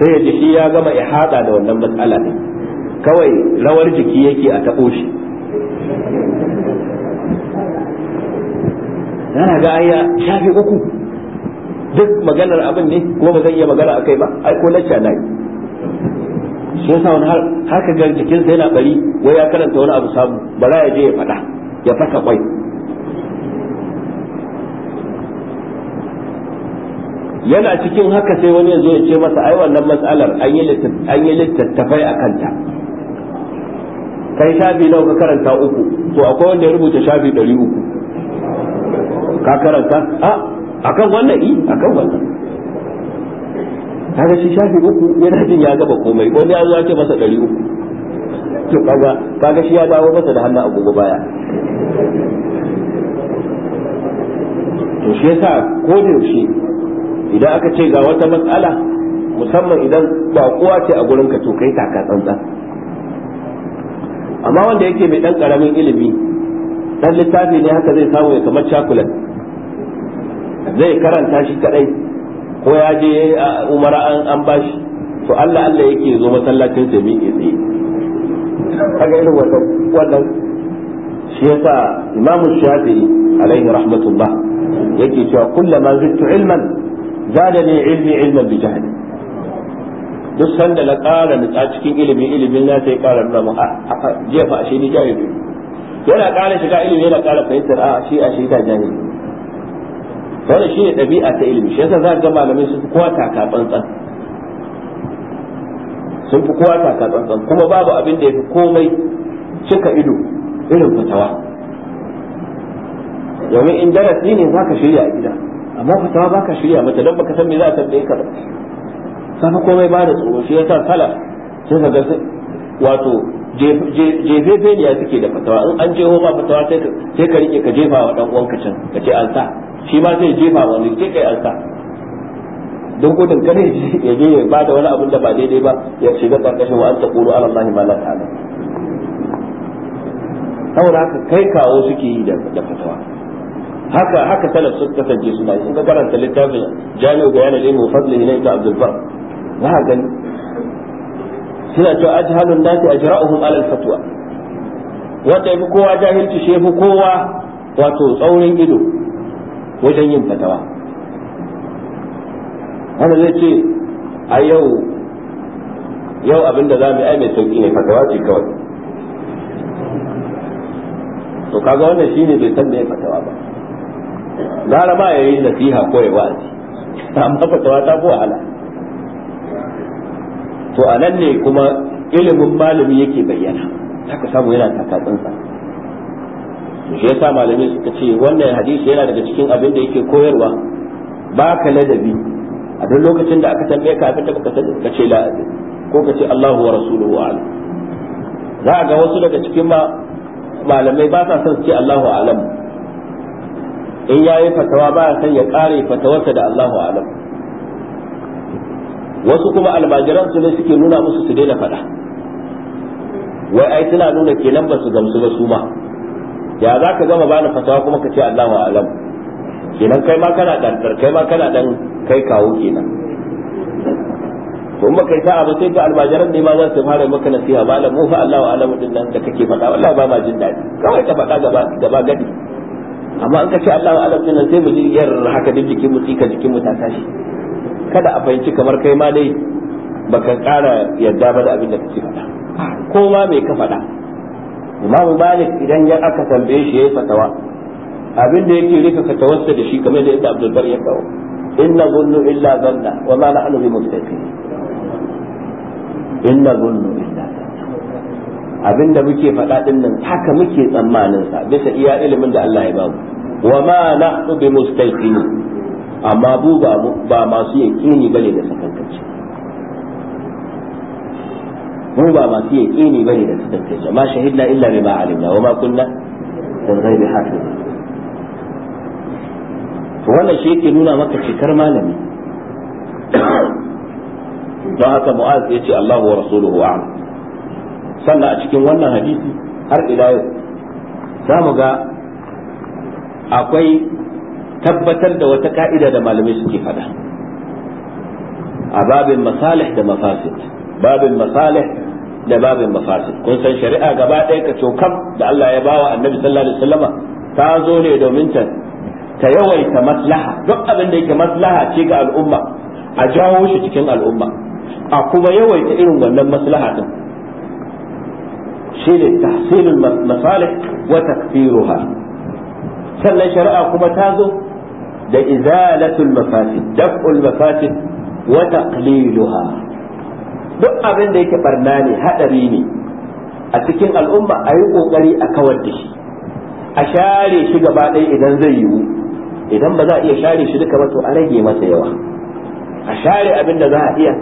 sai ya ji shi ya gama ya haɗa da wannan mas'ala ɗin kawai rawar jiki yake a taɓo shi yana ga aya shafi uku duk maganar abin ne kuma ba zan iya magana akai ba ai ko lacca na yi shi yasa wani har ka ga jikinsa yana bari wai ya karanta wani abu samu bara ya je ya faɗa ya fasa kwai yana cikin haka sai wani ya zo ya ce masa ai wannan matsalar an yi littattafai a kanta kai shafi nawa ka karanta uku to akwai wanda ya rubuta shafi ɗari uku ka karanta a akan wannan i akan wannan kaga shi shafi uku yana jin ya gaba komai wani an wace masa ɗari uku to kaga kaga shi ya dawo masa da hannu agogo baya to shi yasa ko da yaushe idan aka ce ga wata matsala musamman idan ba kowa ce a ka to kai taka tsantsan amma wanda yake mai dan karamin ilimi dan littafi ne haka zai samu ya kamar chocolate zai karanta shi kadai ko ya je umara an an bashi to Allah Allah yake zo masallacin sa mi tsaye kaga irin wannan wannan shi yasa imamu shafi'i alaihi rahmatullah yake cewa kullama zittu ilman zadani ilmi ilman bi jahli duk sanda na ƙara nutsa cikin ilimi ilimin na sai ƙara nuna mun ah, a shi ni jahili yana ƙara shiga ilimi yana ƙara fahimtar a ah, shi a shi ta jahili wannan shi ne ɗabi'a ta ilimi shi yasa za ga malamai sun fi kowa taka tsantsan sun fi kowa taka tsantsan kuma babu abin da ya fi komai cika ido irin fatawa domin in darasi ne za ka shirya a gida amma fatawa ba ka shirya mata don baka san me za a tambaye ka ba fi komai ba da tsoro shi yasa salaf sun ka ga wato jefe ne ya suke da fatawa in an jeho ba fatawa sai ka rike ka jefa wa dan uwanka can ka ce an sa shi ma zai jefa ne sai kai an sa don gudun kare ya je ya ba da wani abin da ba daidai ba ya shiga karkashin wa anta qulu ala allahi ma la ta'lam saboda haka kai kawo suke yi da fatawa haka haka salaf sun kasance suna in ka karanta littafin jami'u bayanul ilmi fadli na abdul bar za ka gani suna cewa ajhalun nasi ajra'uhum ala al-fatwa wanda yafi kowa jahilci shi yafi kowa wato tsaurin ido wajen yin fatawa wanda zai ce a yau yau abin da za mu ai mai sauki ne fatawa ce kawai to kaga wannan shine bai san da ya fatawa ba gara ba ya yi nasiha ko ya wa'azi amma fatawa ta fi wahala to a nan ne kuma ilimin malami yake bayyana haka samu yana takatsinsa to shi yasa malamai suka ce wannan hadisi yana daga cikin abin da yake koyarwa ba ka ladabi a duk lokacin da aka tambaye ka abin da baka sani ka ce la ko ka ce Allahu wa rasuluhu a'lam za a ga wasu daga cikin malamai ba sa son su ce Allahu a'lam in yayi fatawa ba san ya kare fatawarsa da Allahu a'lam wasu kuma almajiran su ne suke nuna musu su daina faɗa wai ai suna nuna kenan ba su gamsu ba su ma ya za ka gama bani fatawa kuma ka ce wa a'lam kenan kai ma kana dan kai ma kana dan kai kawo kenan to in baka yi abu sai ga almajiran ne ma za su fara maka nasiha malam mu fa wa a'lam din nan da kake faɗa wallahi ba ma jin daɗi kawai ka faɗa gaba gaba gadi amma in ka ce wa a'lam din nan sai mu ji yar haka duk jikin mu tsika jikin mu ta tashi kada a fahimci kamar kai ma dai baka ƙara yadda ba da abin da kake faɗa ko ma me ka faɗa imam malik idan ya aka tambaye shi yayi fatawa abin da yake rika fatawarsa da shi kamar da yadda abdul bar ya kawo inna zunnu illa zanna wa ma nahnu bi mustaqim inna zunnu illa abin da muke faɗa din nan haka muke tsammanin sa bisa iya ilimin da Allah ya bamu wa ma nahnu bi mustaqim amma bu ba masu yaƙini bane da sakankance, mu ba masu yaƙini bane da sakankance, ma shahidna illa ma alimna wa ma kunna lil ghaibi hafiz wannan shi yake nuna maka cikar malami don haka mu'az ya ce Allahu wa rasuluhu a'lam sannan a cikin wannan hadisi har ila yau za mu ga akwai tabbatar da wata ka'ida da malamai suke faɗa a babin masalih da mafasid babin masalih da babin mafasid kun san shari'a gaba ɗaya ka cokam da Allah ya bawa annabi sallallahu alaihi wasallama ta zo ne domin ta ta yawaita maslaha duk abin da yake maslaha ce ga al'umma a jawo shi cikin al'umma a kuma yawaita irin wannan maslaha din shine tahsilul masalih wa takfiruha sannan shari'a kuma ta zo da izalatul mafasid daf'ul mafasid wa taqliluha duk abin da yake barna ne hadari ne a cikin al'umma a yi kokari a kawar da shi a share shi gaba ɗaya idan zai yiwu idan ba za a iya share shi duka ba to a rage masa yawa a share abin da za a iya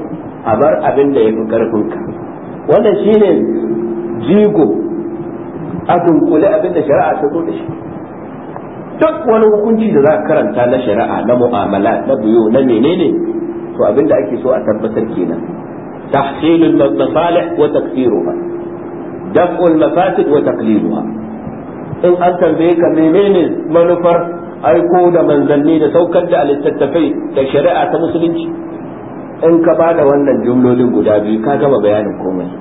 a bar abin da ya fi ka wannan shine jigo a dunkule abin da shari'a ta zo da shi duk wani hukunci da za ka karanta na shari'a na mu'amala na biyo na menene to abin da ake so a tabbatar kenan tahsilul masalih wa takfiruha daf'ul mafasid wa taqliluha in an tambaye ka menene manufar aiko da manzanni da saukar da littattafai da shari'a ta musulunci in ka ba da wannan jumlolin guda biyu ka gama bayanin komai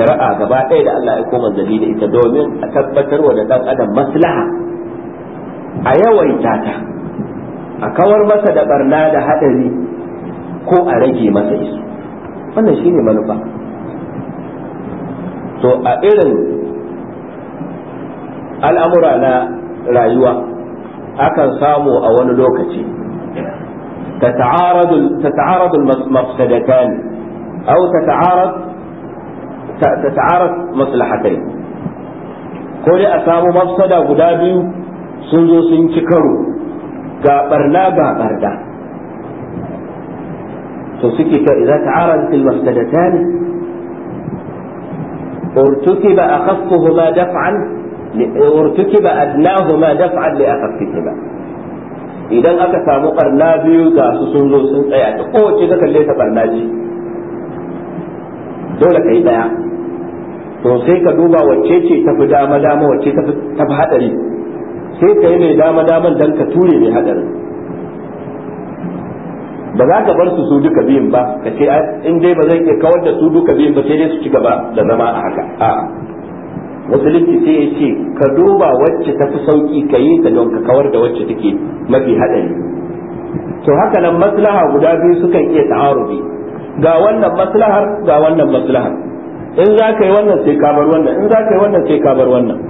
shari'a gaba ɗaya da Allah ya koma da ita domin a tabbatar wa da ɗan adam maslaha a yawaita ta a kawar masa da barna da haɗari ko a rage masa isu wannan shine manufa to a irin al'amura na rayuwa akan samu a wani lokaci تتعارض المفسدتان أو تتعارض تتعارض مصلحتين ko dai a samu mafsada guda biyu sun zo sun ci karo ga barna ba barna to suke ta idza ta'aradat al mafsadatan urtukiba akhaffuhuma daf'an urtukiba adnahuma daf'an li akhaffihima idan aka samu barna biyu ga su sun sun tsaya ta kowace ka kalle ta barna dole kai daya duba wacce tafi dama dama wacce tafi hadari sai ka yi mai dama daman dan ka ture mai hadarin ba za ka bar su su duka biyun ba ka ce in dai ba zai iya kawar da su duka biyun ba sai dai su ci gaba da zama a haka a musulunci sai ya ce ka duba wacce ta fi sauki ka yi ta don ka kawar da wacce take mafi hadari to haka nan maslaha guda biyu sukan iya ta'arubi ga wannan maslahar ga wannan maslahar in za ka yi wannan sai ka bar wannan in za ka yi wannan sai ka bar wannan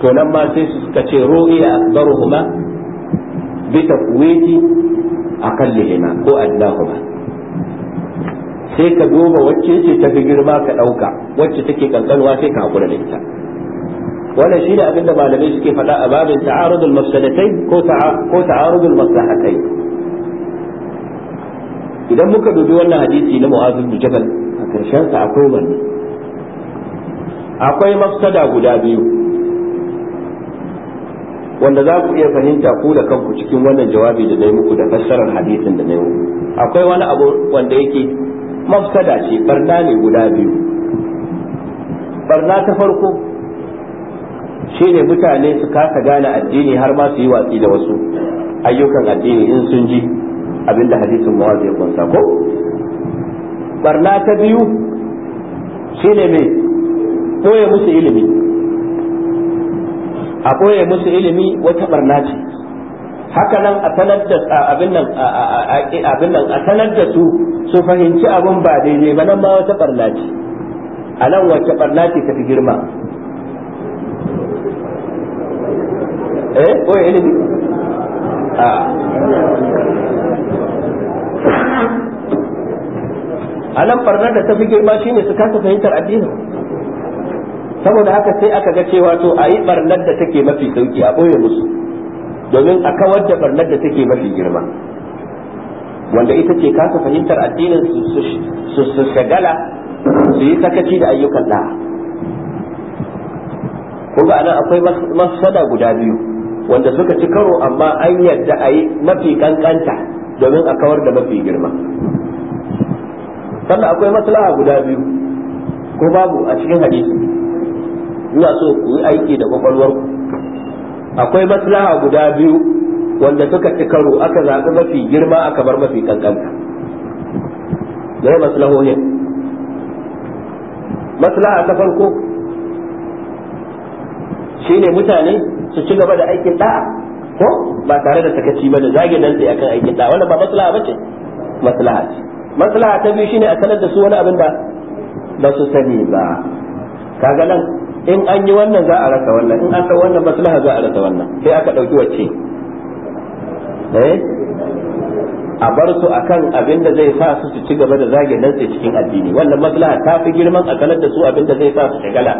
to nan ma sai suka ce ru'iya akbaruhuma a taqwiti aqallihima ko adlahuma sai ka duba wacce ce ta fi girma ka ɗauka wacce take kankanwa sai ka hakura da ita wannan shine abin da malamai suke faɗa a babin ta'arudul mafsadatai ko ko ta'arudul maslahatai idan muka dubi wannan hadisi na mu'azu bin jabal a karshen sa akwai wannan akwai mafsada guda biyu wanda za ku iya fahimta ku da kanku cikin wannan jawabi da na muku da fassarar hadisin da na muku akwai wani abu wanda yake mafsada ce barna ne guda biyu barna ta farko shine mutane su kasa gane addini har ma su yi watsi da wasu ayyukan addini in sun ji abinda hadisin mawazi ya kunsa ko barna ta biyu shine mai ɓoye musu ilimi a ɓoye musu ilimi wata barna ce haka nan a sanar da abin nan abin nan a sanar da su su fahimci abin ba daidai ba nan ma wata barna ce a nan wata barna ce ta fi girma eh ilimi a a nan barnar da ta fi girma shine su kasa fahimtar addinin saboda haka sai aka ga cewa to a yi barnar da take mafi sauki a ɓoye musu domin a kawar da barnar da take mafi girma wanda ita ce kasa fahimtar addinin su su shagala su yi sakaci da ayyukan da kuma anan akwai masada guda biyu wanda suka ci karo amma an yadda a yi mafi kankanta domin a kawar da mafi girma sannan akwai maslaha guda biyu ko babu a cikin hadisi ina so ku yi aiki da kwakwalwar ku akwai maslaha guda biyu wanda suka ci karo aka zaɓi mafi girma aka bar mafi kankanta da ya maslahoyin maslaha ta farko shine mutane su ci gaba da aikin ɗa'a ko ba tare da sakaci ba da zage dan sai akan aikin ɗa'a wannan ba maslaha ba ce maslaha ce maslaha ta biyu shine a sanar da su wani abin da ba su sani ba kaga nan in an yi wannan za a rasa wannan in an san wannan maslaha za a rasa wannan sai aka ɗauki wacce eh a bar su akan abin da zai sa su su ci gaba da zage nan sai cikin addini wannan maslaha ta fi girman a kalar da su abin da zai sa su shagala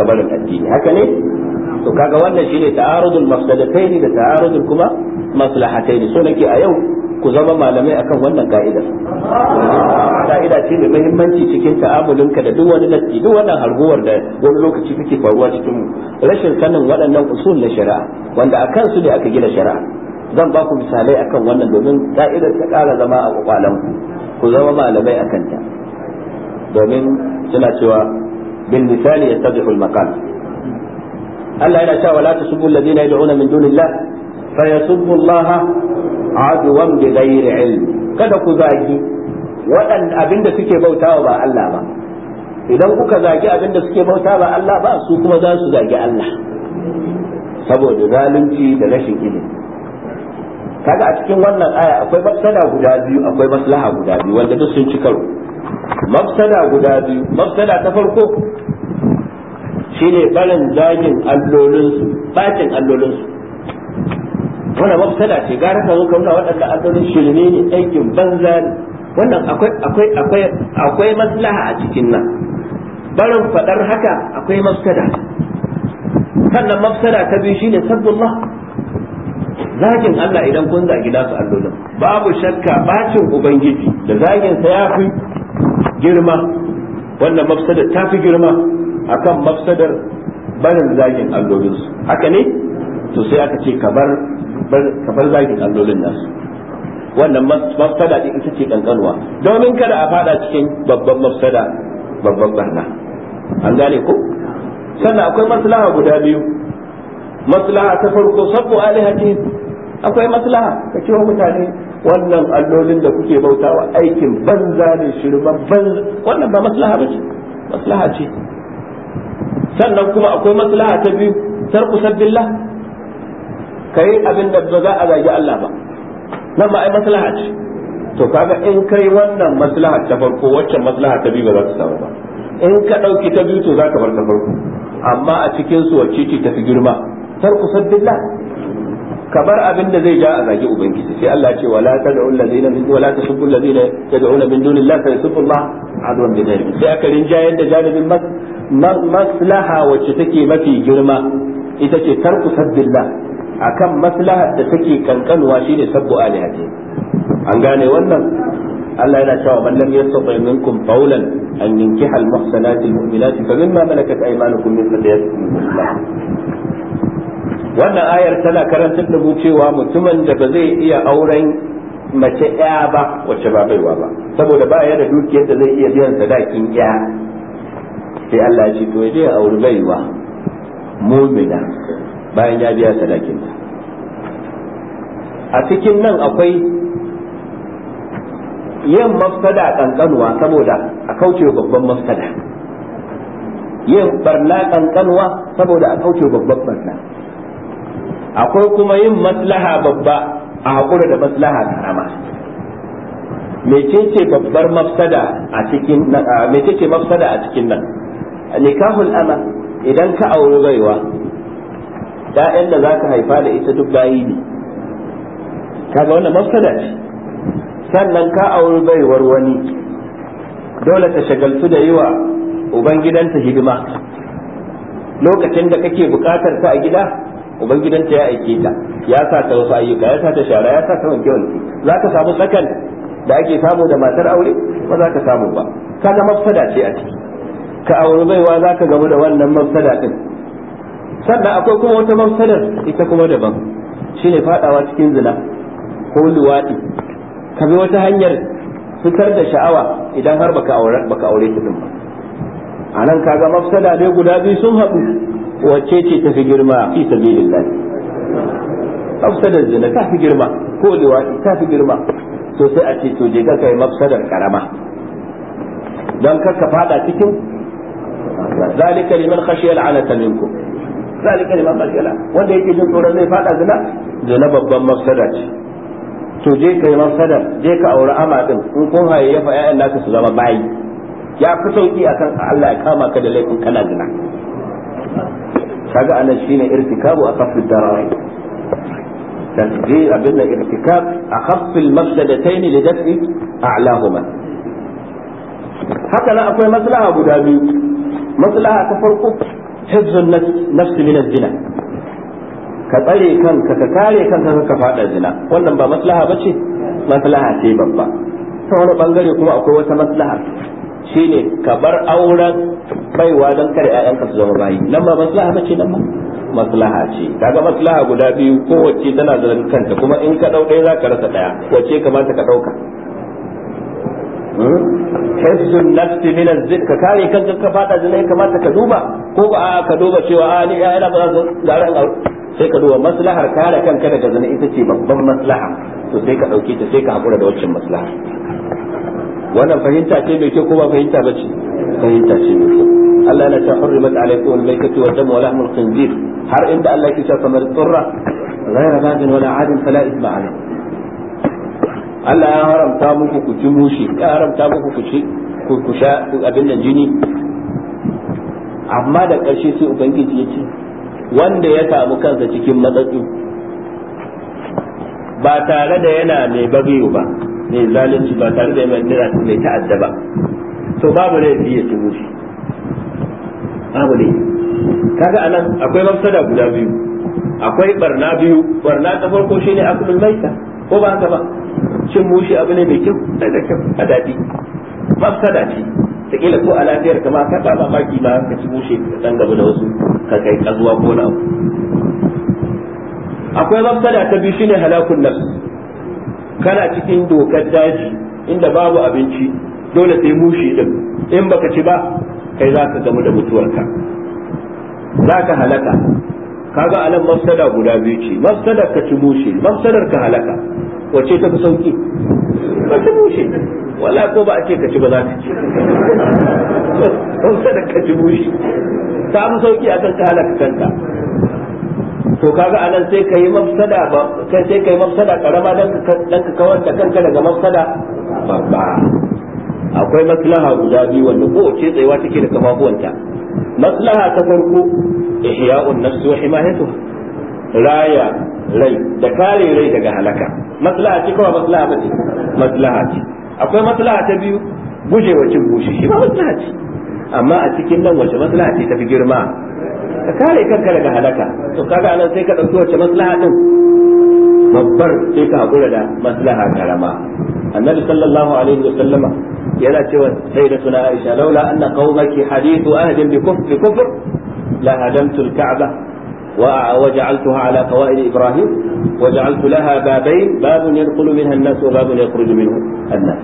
ga barin addini haka ne to kaga wannan shine ta'arudul maslahatayn da ta'arudul kuma ne so nake a yau ku zama malamai akan wannan ka'ida ka'ida ce mai muhimmanci cikin ta'amulinka da duk wani nasi duk wannan harguwar da wani lokaci take faruwa cikin rashin sanin waɗannan usul na shari'a wanda akansu ne aka gina shari'a zan ba ku misalai akan wannan domin ka'idar ta ƙara zama a kwakwalanku ku zama malamai akan ta domin suna cewa bin misali yattadihul maqal Allah yana cewa la tasubbu alladhina yad'una min dunillah fa yasubbu Allah aduwan bi ghairi ilm kada ku zagi waɗanda abinda suke bautawa ba Allah ba idan kuka zagi abinda suke bauta ba Allah ba su kuma za su zagi Allah saboda zalunci da rashin ilimi kaga a cikin wannan aya akwai mafsada guda biyu akwai maslaha guda biyu wanda duk sun ci karo mafsada guda biyu mafsada ta farko shine barin zagin allolinsu bacin allolinsu wannan mabtada ce gara ka zuka ka nuna an asalin shirme ne aikin banza ne wannan akwai maslaha a cikin nan barin faɗar haka akwai mafsada sannan mafsada ta biyu shine sabbullah zagin Allah idan kun zagi nasu allolin babu shakka bacin ubangiji da zagin sa fi girma wannan mafsada ta fi girma akan mafsadar barin zagin allolinsu haka ne to sai aka ce kabar kabar zagin allolin nasu wannan mafsada din ita ce kankanuwa domin kada a fada cikin babban mafsada babban barna an gane ko sannan akwai maslaha guda biyu maslaha ta farko sabbu alihati akwai maslaha ka ce mutane wannan allolin da kuke bautawa aikin banza ne shirman banza wannan ba maslaha ba ce maslaha ce sannan kuma akwai maslaha ta biyu tarku sabbillah kai abin da ba za a zagi Allah ba nan ba ai maslaha ce to kaga in kai wannan maslaha ta farko waccan maslaha ta biyu ba za ta samu ba in ka dauki ta biyu to za ka bar ta farko amma a cikin su wacce ce ta fi girma tarku saddillah kabar abin da zai ja a zagi ubangiji sai Allah ce wala tad'u allazina min wala tasubbu allazina yad'una min dunillahi fa yasubbu Allah adwan bi dhalik sai aka rinjaye da janibin maslaha wacce take mafi girma ita ce tarku saddillah akan maslahar da take kankanuwa shine sabbu alihati an gane wannan Allah yana cewa man lam yastati minkum qawlan an yankiha muhsanati almu'minati fa mimma malakat aymanukum min fadiyatikum wannan ayar tana karantar da mu cewa mutumin da ba zai iya auren mace ɗaya ba wacce ba baiwa ba saboda ba ya da dukiyar da zai iya biyan sadakin ya sai Allah ya ce to ya je auri baiwa mumina bayan ya biya sadakin a cikin nan akwai yin mafsada kankanuwa saboda a kaucewa babban mafsada yin barna kankanuwa saboda a kaucewa babban barna akwai kuma yin maslaha babba a haƙura da maslaha karama mecece babbar mafsada a cikin nan mecece mafsada a cikin nan nikahul ama idan ka auri baiwa ‘ya'yan da za ka haifa da ita duk bayi ne kaga wannan mafsada ce sannan ka auri baiwar wani dole ta shagaltu da yi wa ubangidanta hidima lokacin da kake bukatar ta a gida ubangidanta ya aike ta ya sa ta wasu ayyuka ya sa ta shara ya sa ta wanke wanke za ka samu tsakan da ake samu da matar aure ba za ka samu ba kaga mafsada ce a ciki ka auri baiwa za ka gamu da wannan mafsada din sannan akwai kuma wata mafsadar ita kuma daban shine fadawa cikin zina ko luwadi ka bi wata hanyar fitar da sha'awa idan har baka aure baka aure ta ba anan kaga mafsada ne guda biyu sun haɗu wacce ce tafi girma fi sabilillah mafsadar zina ta fi girma ko luwadi ta fi girma to sai a ce to je ka kai mafsadar karama don kar ka fada cikin zalika liman khashiya al'anata minkum zalika liman khashiya wanda yake jin tsoron zai fada zina zina babban mafsada ce to je ka yi mafsadar je ka aure ama din in kun haye ya fa ƴaƴan naka su zama bayi ya fi sauki akan Allah ya kama ka da laifin kana zina kaga anan shine irtikabu a kafin dararai تنزيل قبلنا ارتكاب أخف المفسدتين لدفع أعلاهما haka nan akwai maslaha guda biyu maslaha ta farko hizzun nafsi min zina ka tsare kanka ka kare kanka ka fada zina wannan ba maslaha bace maslaha ce babba ta wani bangare kuma akwai wata maslaha shine ka bar auren baiwa don kare ƴaƴanka su zama bayi nan ba maslaha bace nan ba maslaha ce kaga maslaha guda biyu kowace tana zaran kanta kuma in ka dau ɗaya zaka rasa ɗaya wace kamata ka ɗauka hifzun hmm? nafsi min az-zin ka kare kanka ka fada zina ya kamata ka duba ko ba a ka duba cewa a ah, ni ya ina ba za su gara sai ka duba maslahar da kanka da zina ita ce babban maslaha to sai ka dauke ta sai ka hakura da waccan maslaha wannan fahimta ce mai kyau ko ba fahimta ba ce fahimta ce mai kyau Allah yana ta hurrimat alaikum al-maytatu wa damu wa lahmul khinzir har inda Allah ya samar cewa kamar tsurra ghayra badin wala adin fala isma alaikum Allah ya haramta muku ku ci mushi ya haramta muku ku ci ku sha abin nan jini amma da ƙarshe sai ubangiji ya ce wanda ya samu kansa cikin matsatsi ba tare da yana mai bagiyo ba mai zalunci ba tare da yana mai ta'adda ba to babu ne ya ci mushi babu ne kaga anan akwai mafsada guda biyu akwai barna biyu barna ta farko shine akulul maita ko ba haka ba cin mushi abu ne mai kyau da kyau a daɗi mafsada ce ta kila ko a lafiyar kama ka ba ki ba ka ci mushe ka dan gaba da wasu ka kai kazuwa ko na abu akwai mafsada ta biyu shine halakun nafs kana cikin dokar daji inda babu abinci dole sai mushe din in baka ci ba kai za ka gamu da mutuwarka za ka halaka kaga anan mafsada guda biyu ce mafsadar ka ci mushe mafsadar ka halaka wace ta fi sauki ka ci mushe wala ko ba a ce ka ci ba za ka ci mafsadar ka ci mushe ta fi sauki akan ka halaka kanta to kaga anan sai ka yi mafsada ba kai sai ka yi mafsada karama dan ka dan ka kawar da kanka daga mafsada ba akwai maslaha guda biyu wanda kowace tsayuwa take da kafafuwanta maslaha ta farko ihya'un nafsi wa himayatuha raya rai da kare rai daga halaka maslaha ce kawai maslaha bace maslaha ce akwai maslaha ta biyu wa cin bushi shi ma maslaha ce amma a cikin nan wace maslaha ce tafi girma ka kare kanka daga halaka to kaga anan sai ka dauki wace maslaha din babbar sai ka hakura da maslaha karama annabi sallallahu alaihi wa sallama yana cewa sai da tuna aisha laula anna qaumaki hadithu ahdin bi kufr bi kufr la hadamtu alka'ba wa waja'altuha ala qawaid ibrahim waja'altu laha babayn babun yadkhulu minha an-nas wa babun yakhruju minhu an-nas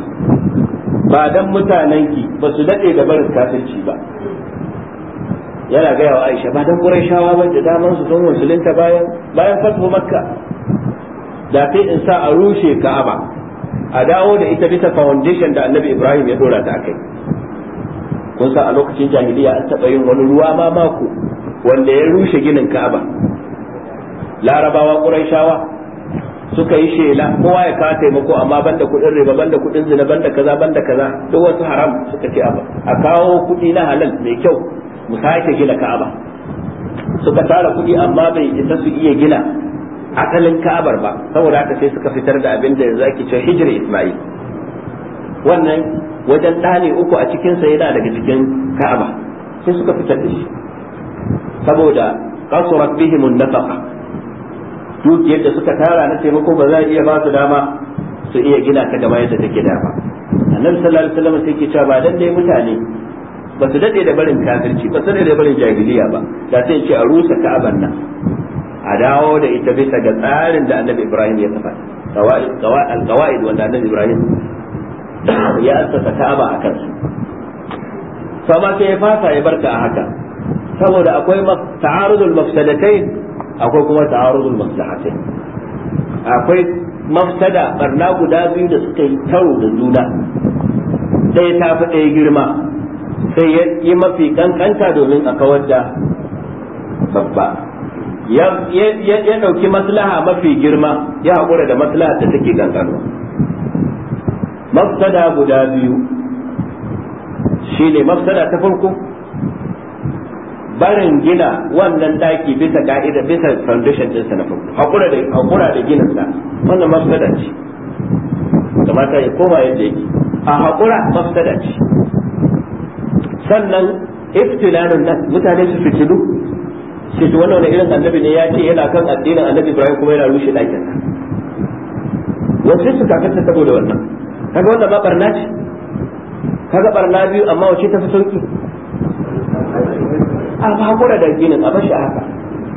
ba dan mutananki ba su dade da barin kafirci ba yana gaya wa aisha ba dan qurayshawa da daman su don musulunta bayan bayan fatu makka da sai in sa a rushe ka'aba a dawo da ita bisa foundation da annabi ibrahim ya dora ta kai kun sa a lokacin jahiliya an taɓa yin wani ruwa ma mako wanda ya rushe ginin ka'aba larabawa ƙuraishawa suka yi shela kowa ya kawo taimako amma banda kuɗin riba banda kuɗin zina banda kaza banda kaza duk wasu haram suka ce a kawo kuɗi na halal mai kyau mu sake gina ka'aba suka tara kuɗi amma bai isa su iya gina asalin ka'abar ba saboda haka sai suka fitar da abin da yanzu ake cewa hijri isma'il wannan wajen ɗani uku a cikinsa yana daga cikin ka'aba sai suka fitar da shi saboda bihim bihimun nafaqa dukiyar yadda suka tara na taimako ba za a iya ba su dama su iya gina ta gaba yadda take dama annabi sallallahu alaihi wasallam sai ke cewa ba dan mutane ba su dade da barin kafirci ba su dade da barin jahiliya ba da sai ce a rusa ka'abar nan a dawo da ita bisa ga tsarin da annabi ibrahim ya kafa alkawa'id wanda annabi ibrahim ya asasa ka'aba a kansu sama sai ya fasa ya barka a haka saboda akwai ta'arudul mafsadatai akwai kuma ta'arudul maslahatain akwai mafsada barna guda biyu da suka yi taro da juna Sai ta fi ɗaya girma sai ya yi mafi kankanta domin a kawar da babba ya ɗauki maslaha mafi girma ya haƙura da maslaha da take gangarwa mafsada guda biyu shi ne mafsada ta farko barin gina wannan ɗaki bisa ka'ida bisa foundation sa na farko haƙura da gina da wannan mafsada ce kamata ya koma yadda yake a haƙura mafsada ce sannan iftilanin nan mutane su fitilu sai to wannan irin annabi ne ya ce yana kan addinin annabi Ibrahim kuma yana rushe ɗakin wasu su kakasta saboda wannan kaga wannan ba barna ce kaga barna biyu amma wace ta fi sauki a ba hakura da addinin a bashi haka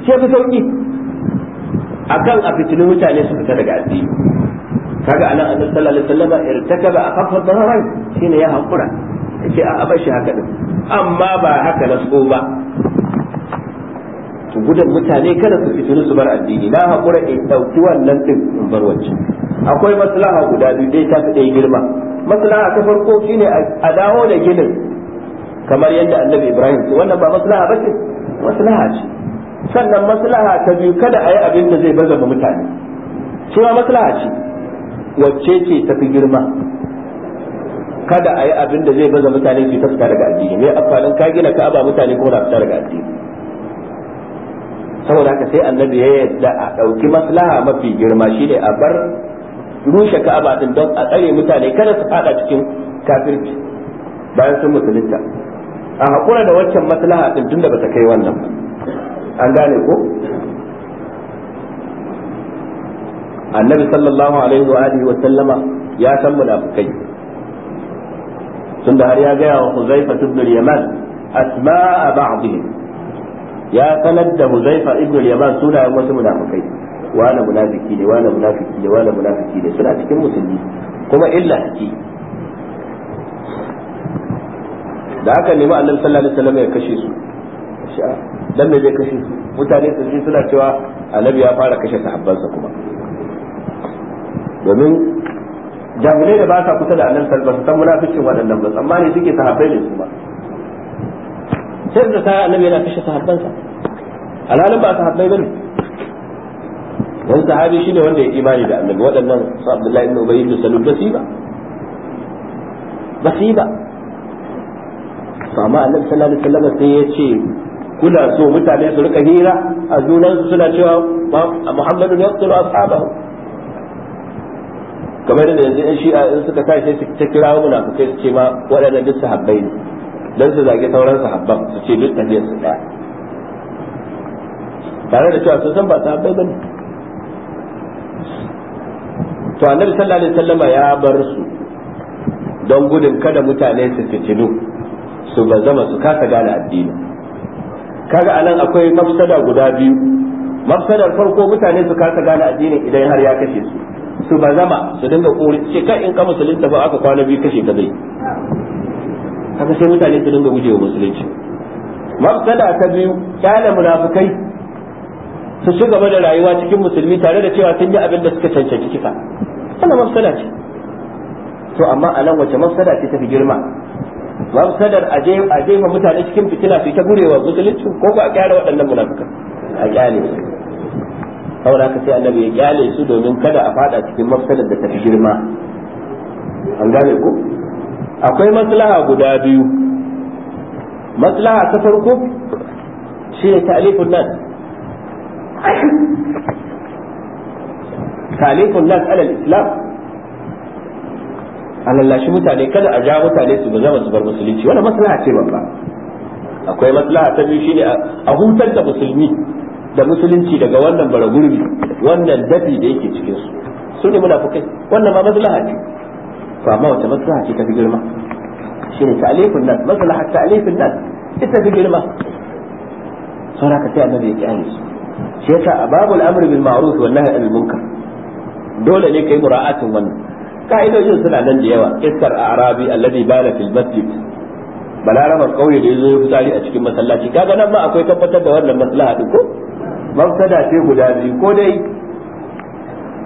ce fi sauki kan a fitinin mutane su fita daga addini kaga anan annabi sallallahu alaihi wasallam irtakaba akhaffa dararai shine ya hakura yace a bashi haka din amma ba haka na so ba to gudan mutane kada su fitinu su bar addini na haƙura in ɗauki wannan ɗin in bar wacce akwai maslaha guda biyu dai ta fi ɗaya girma maslaha ta farko shine a dawo da ginin kamar yadda annabi ibrahim ce wannan ba maslaha ba ce maslaha ce sannan maslaha ta biyu kada a yi abin da zai baza ma mutane Su ma maslaha ce wacce ce ta fi girma kada a yi abin da zai baza mutane su ta fita daga addini me amfanin ka gina ka'aba mutane kuma na fita daga addini saboda haka sai annabi ya yadda a ɗauki maslaha mafi girma shine a bar rushe ka'aba din don a tsare mutane kada su fada cikin kafirci bayan sun musulunta a hakura da waccan maslaha din tunda bata kai wannan an gane ko annabi sallallahu alaihi wa alihi wa sallama ya san munafikai tunda har ya gaya wa Huzaifa ibn Yaman asma'a ba'dihim ya sanar da Huzaifa ibn Yaman sunayen wasu munafikai wala munafiki ne wala munafiki ne wala munafiki ne suna cikin musulmi kuma illa take da haka nemi Allah sallallahu alaihi wasallam ya kashe su dan me zai kashe su mutane su ji suna cewa annabi ya fara kashe sahabbansa kuma domin jahilai da ba sa kusa da annabi sallallahu alaihi wasallam munafikin waɗannan ba amma ne suke sahabbai ne su ba sai da sai annabi yana kashe sahabbansa alhalin ba sahabbai bane wani sahabi shine wanda ya imani da annabi waɗannan su abdullahi ibn ubayy ibn salul basiba basiba to amma annabi sallallahu alaihi wasallam sai ya ce kuna so mutane su rika hira a junansu suna cewa muhammadun yaqtulu ashabahu kamar da yanzu in shi'a in suka tashi su ta kira munafikai su ce ma waɗannan duk sahabbai ne dan su zage sauran sahabban su ce duk tafiyar su ba tare da cewa sun ba sahabbai bane to annabi sallallahu alaihi wasallama ya bar su don gudun kada mutane su fitinu su bazama su kasa gane addini kaga anan akwai mafsada guda biyu mafsadar farko mutane su kasa gane addinin idan har ya kashe su su bazama su dinga kuri ce kai in ka musulunta ba aka kwana biyu kashe ka zai haka sai mutane su dinga gujewa musulunci mafsada ta biyu kyale munafukai su ci gaba da rayuwa cikin musulmi tare da cewa sun yi abin da suka cancanci kifa wannan mafsada ce to amma a nan wace mafsada ce ta fi girma mafsadar a jefa mutane cikin fitina su ta gurewa musulunci ko ba a kyale waɗannan munafukan a kyale su saboda haka sai annabi ya kyale su domin kada a fada cikin mafsadar da ta fi girma an gane ko akwai maslaha guda biyu maslaha ta farko shi ne ta'alifun nan ta'alifun nan alal islam alallashi mutane kada a ja mutane su zama su bar musulunci wannan maslaha ce babba akwai maslaha ta biyu shine a hutar da musulmi da musulunci daga wannan bara gurbi wannan dafi da yake cikin su su muna fukai wannan ma maslaha ce to amma wace maslaha ce ta fi girma shine ta'alifun nas maslaha alifin nan ita fi girma saboda ka sai annabi ya kiyaye su shi yasa a babul amri bil ma'ruf wal nahy anil munkar dole ne kai mura'atin wannan ka'idojin suna nan da yawa iskar arabi alladhi bala fil masjid balarabar kauye da yazo ya fitsari a cikin masallaci kaga nan ma akwai tabbatar da wannan maslaha din ko mafsada ce guda biyu ko dai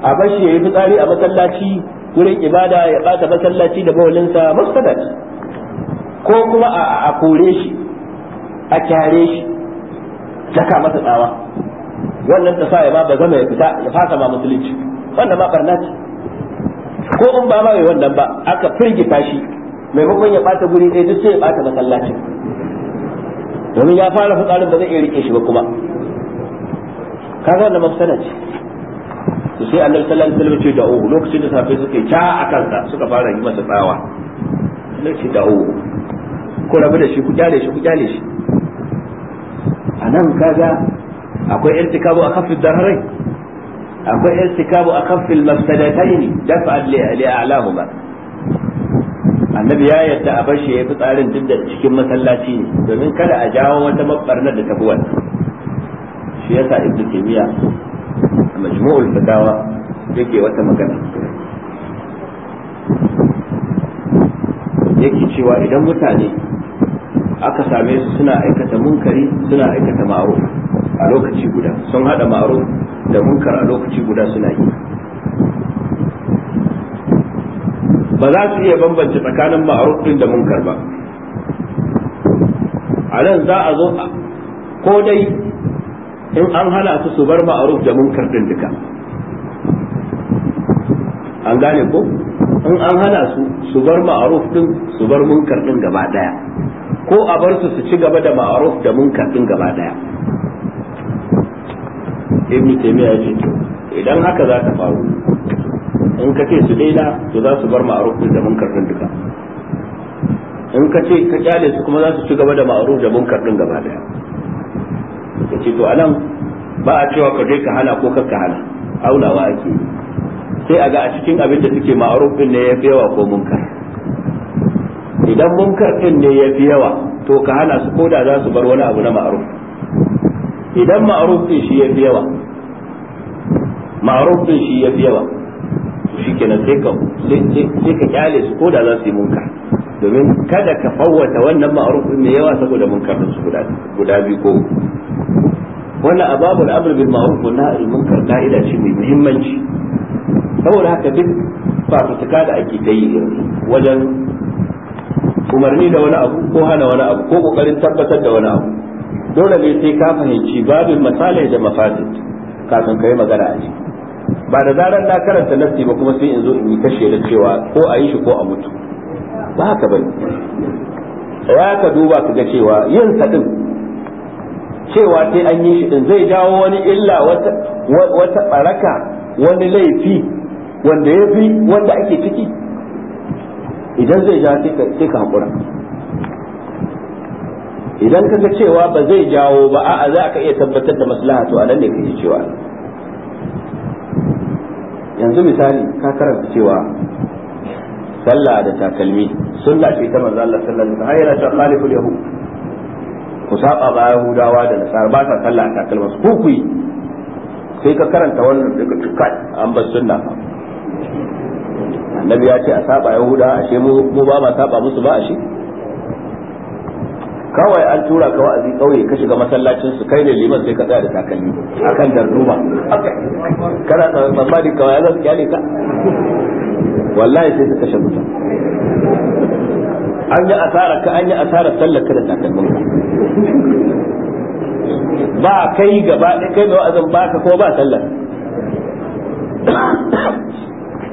a bashi yayi fitsari a masallaci wurin ibada ya bata masallaci da bawalinsa mafsada ko kuma a kore shi a kyare shi saka masa tsawa wannan ta sa ya ba zama ya fita ya fasa ma musulunci wannan ma barna ce ko in ba ma wannan ba aka firgita shi maimakon ya bata guri ɗaya duk sai ya bata masallacin domin ya fara fitsarin ba zai iya rike shi ba kuma kaga wannan mafsada ce to sai annabi sallallahu alaihi wasallam ce da lokacin da safe suke ta a kansa suka fara yi masa tsawa annabi ce da'u ko rabu da shi ku kyale shi ku kyale shi anan kaga akwai irtikabu a kafin darharai akwai irtikabu a kafin mafsadataini dafa li a'lahuma annabi ya yadda a bashi ya fi tsarin duk da cikin masallaci ne domin kada a jawo wata mabarnar da tafi wannan shi yasa ibnu taymiya majmu'ul fatawa yake wata magana yake cewa idan mutane aka same su suna aikata munkari suna aikata maro a lokaci guda sun hada maro da munkar a lokaci guda suna yi ba za su iya bambance tsakanin ma'ruf din da munkar ba a nan za a zo ko dai in an hana su su bar ma'aruf da munkar din duka an gane ko in an hana su su bar ma'aruf din su bar munkar din gaba daya ko a bar su su ci gaba da ma'aruf da munkar din gaba daya ibn taymiya ce idan haka za ta faru in ka ce su daina to za su bar ma'aruf din da munkar din duka in ka ce ka kyale su kuma za su ci gaba da ma'aruf da munkar din gaba daya Ka ce to anan ba a cewa ka je ka hana ko ka hana aunawa ake sai a ga a cikin abin da suke ma'aruf din ne ya fi yawa ko munkar idan munkar din ne ya fi yawa to ka hana su ko da za su bar wani abu na ma'aruf idan ma'aruf din shi ya fi yawa ma'aruf din shi ya fi yawa shi kenan sai ka sai ka kyale su ko da za su yi munkar domin kada ka fawwata wannan maarufin mai yawa saboda munkarin su guda biyu ko wannan ababul amr bil ma'ruf wal nahy anil munkar ka'ida ce mai muhimmanci saboda haka duk fafutuka da ake ta yi wajen umarni da wani abu ko hana wani abu ko kokarin tabbatar da wani abu dole ne sai ka fahimci babin masalai da mafasid kafin kai magana a ciki ba da zarar na karanta nasi ba kuma sai in zo in yi kashe da cewa ko a yi shi ko a mutu ba haka bane ya ka duba ka ga cewa yin sadin cewa sai an yi shi din zai jawo wani illa wata wata baraka wani laifi wanda ya fi wanda ake ciki idan zai ja sai ka hakura idan ka ga cewa ba zai jawo ba a'a za ka iya tabbatar da maslaha to anan ne ka kake cewa yanzu misali ka karanta cewa sallah da takalmi sunna ce ta manzo Allah sallallahu alaihi wasallam hayya ta khaliful yahud ku saba ba yahudawa da nasar ba ta sallah ta takalma ku ku yi sai ka karanta wannan daga tukai an bar sunna annabi ya ce a saba yahudawa ashe mu ba ma saba musu ba ashe kawai an tura ka wa'azi kauye ka shiga masallacin su kai ne liman sai ka tsaya da takalmi akan darduma kana tsammani kawai ya zan ne ka wallahi sai su kashe mutum an yi asara ka an yi asara sallar ka da takalmin ka ba kai gaba kai da wa'azin ba ka ko ba sallar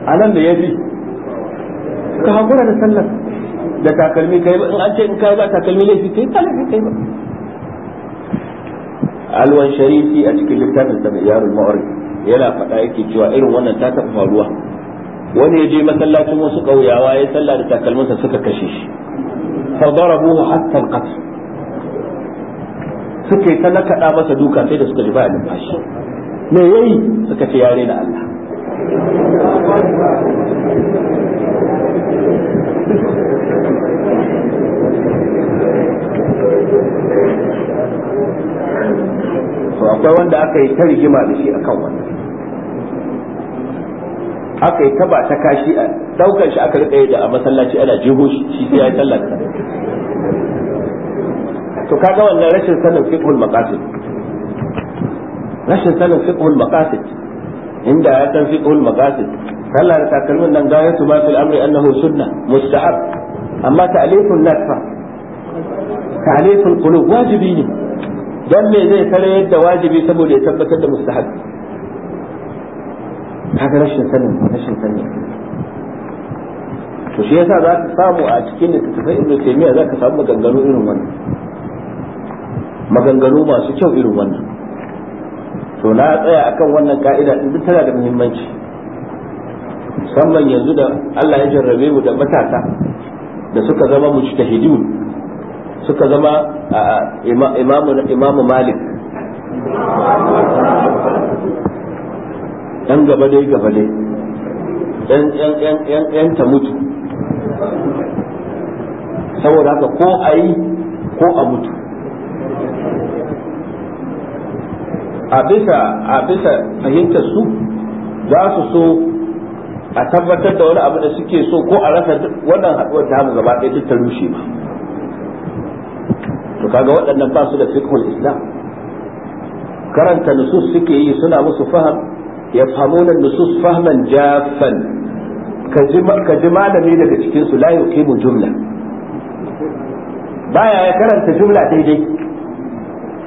a nan da ya fi ka hakura da sallar da takalmi kai ba in an ce in kai ba takalmi laifi kai ba laifi kai ba alwan sharifi a cikin littafin sa mai yarul ma'arif yana faɗa yake cewa irin wannan ta taɓa faruwa wani ya je masallacin wasu ƙauyawa ya salla da takalmansa suka kashe shi fa darabuhu hatta al-qatl suka yi ta nakaɗa masa duka sai da suka ji ba numfashi me yayi suka ce yare da Allah akwai wanda aka yi ta rigima da shi akan wannan aka yi taba ta kashi a daukar shi aka rika da a masallaci ana jeho shi sai ya sallar to kaga wannan rashin sanin fiqhul maqasid rashin sanin fiqhul maqasid inda ya san fiqhul maqasid sallar takalmin nan yatu ma fil amri annahu sunna mustahab amma ta'lifun nasfa ta'liful qulub wajibi ne dan me zai kare yadda wajibi saboda ya tabbatar da mustahab kaga rashin sanin rashin sanin to shi yasa za ka samu a cikin da tafi ibnu taymiya za ka samu maganganu irin wannan maganganu masu kyau irin wannan to na tsaya akan wannan ka'ida duk tana da muhimmanci musamman yanzu da Allah ya jarrabe mu da matasa da suka zama mujtahidun suka zama imamu imamu malik yan gaba dai gaba dai yan ta mutu saboda haka ko a yi ko a mutu a bisa a bisa fahimtar su za su so a tabbatar da wani abu da suke so ko a rasa wannan haɗuwar ta mu gaba ɗaya duk ta rushe ba to kaga waɗannan ba su da fiqhul islam karanta nusus suke yi suna musu faham yafhamuna nusus fahman jafan ka ji malami daga cikin su la jumla baya ya karanta jumla daidai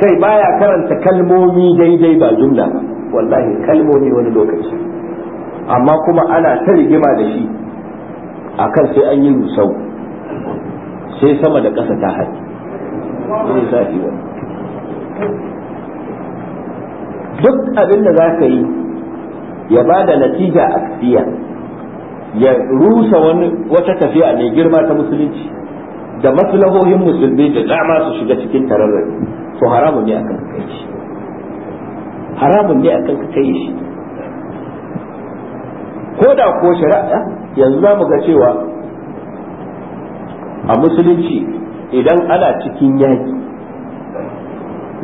kai baya karanta kalmomi daidai ba jumla ba wallahi kalmomi wani lokaci amma kuma ana ta rigima da shi kan sai an yi rusau sai sama da ƙasa ta haɗi ne zafi wani duk abin da za ka yi ya ba da natija aksiya ya rusa wani wata tafiya mai girma ta musulunci da maslahohin musulmi da dama su shiga cikin tararrabi to haramun ne akan kai shi haramun ne akan kai shi ko da ko shari'a yanzu za mu ga cewa a musulunci idan ana cikin yaki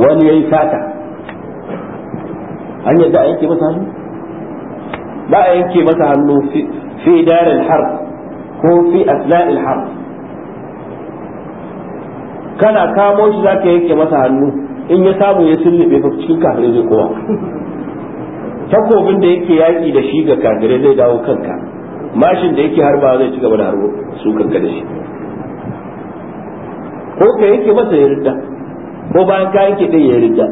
wani ya yi sata an yadda a yanke masa hannu ba a yanke masa hannu fi darin har ko fi asla'il har kana kamo shi za ka yanke masa hannu in ya samu ya sullube ba cikin kafin zai kowa takobin da yake yaƙi da shi ga kafirai zai dawo kanka mashin da yake harba zai ci gaba da harbo su kanka da shi ko ka yake masa ya ridda ko bayan ka yanke ɗaya ya ridda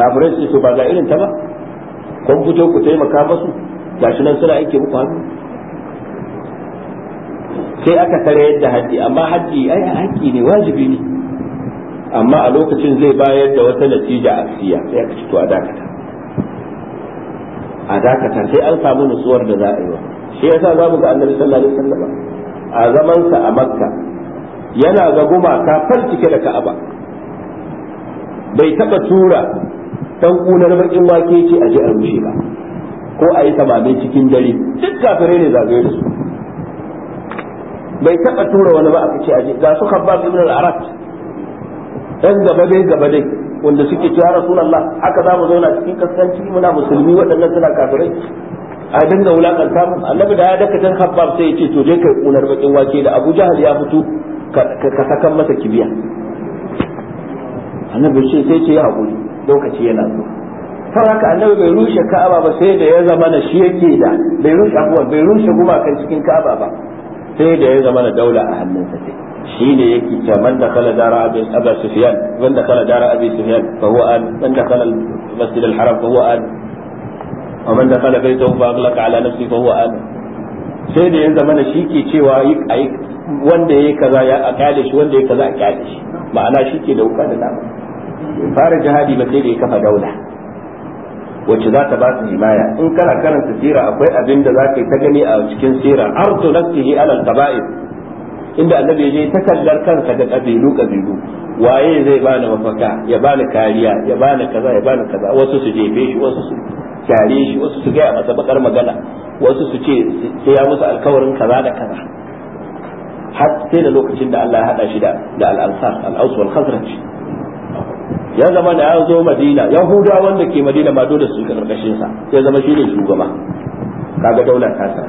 kafirai su ba ga irin ta ba kun fito ku taimaka masu gashi nan suna aiki muku hannu sai aka tare yadda haji amma haji ai haƙƙi ne wajibi ne amma a lokacin zai bayar da wata natija a siya sai aka cito a dakata a dakata sai an samu nutsuwar da za a yi wa shi yasa za mu ga annabi sallallahu alaihi wasallam a zamansa a makka yana ga gumaka fal cike da ka'aba bai taba tura dan kunar bakin wake ce a ji a rushe ka ko a yi samame cikin dare duk kafire ne zagaye da su bai taba tura wani ba a kace a ji. ga su khabbab ibn al-arat dan gaba dai gaba dai wanda suke cewa rasulullah haka za mu zauna cikin kaskanci muna musulmi waɗannan suna kafirai a dinga wulakanta mu annabi da ya dakatar khabbab sai ya ce to je kai kunar bakin wake da abu jahal ya fito ka sakan masa kibiya annabi sai ce ya haƙuri lokaci yana zo sau haka annabi bai rushe ka'aba ba sai da ya zama na shi yake da bai rushe abuwa bai rushe gumakan cikin ka'aba ba sai da ya zama na daula a hannunsa sai shi ne yake ce man da kala dara abin abu sufiyan man da kala dara abin sufiyan fa huwa an man da kala masjid al-haram fa huwa an wa man da kala baitahu fa aghlaqa ala nafsi fa huwa an sai da ya zama na shi ke cewa yi wanda ya yi kaza ya a kyale shi wanda ya kaza a kyale shi ma'ana shi ke da wuka da nama fara jihadi ba sai da ya kafa daula wacce za ta ba su himaya in kana karanta sira akwai abin da za ka yi ta gani a cikin sira na sihi alal qaba'id inda annabi ya ta kallar kansa ga kabilu kabilu waye zai bani mafaka ya bani kariya ya bani kaza ya bani kaza wasu su jefe shi wasu su kyale shi wasu su gaya masa bakar magana wasu su ce sai ya musu alkawarin kaza da kaza har sai da lokacin da Allah ya hada shi da da al-ansar al-aus wal khazraj ya zama da ya zo madina yahuda wanda ke madina ma dole su ka karkashin sa ya zama shi ne shugaba kaga daula ta sa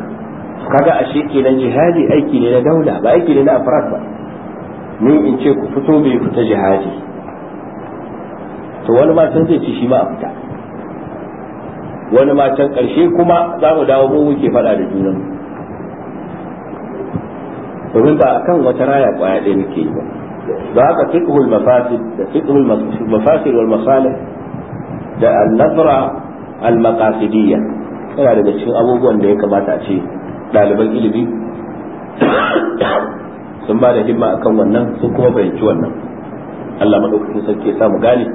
kaga ashe kenan jihadi aiki ne na daula ba aiki ne na afrad ba ni in ce ku fito bai fita jihadi to wani ma san zai ci shi ma a fita wani ma can karshe kuma za mu dawo mu muke faɗa da junan domin ba akan wata raya kwaya ɗaya muke yi ba da haka fiqhul mafasid da fiqhul mafasid wal masalih da an-nazra al-maqasidiyya yana daga cikin abubuwan da ya kamata a ce ɗaliban ilimi sun ba da himma akan wannan sun kuma fahimci wannan Allah madaukakin sarki ya samu gane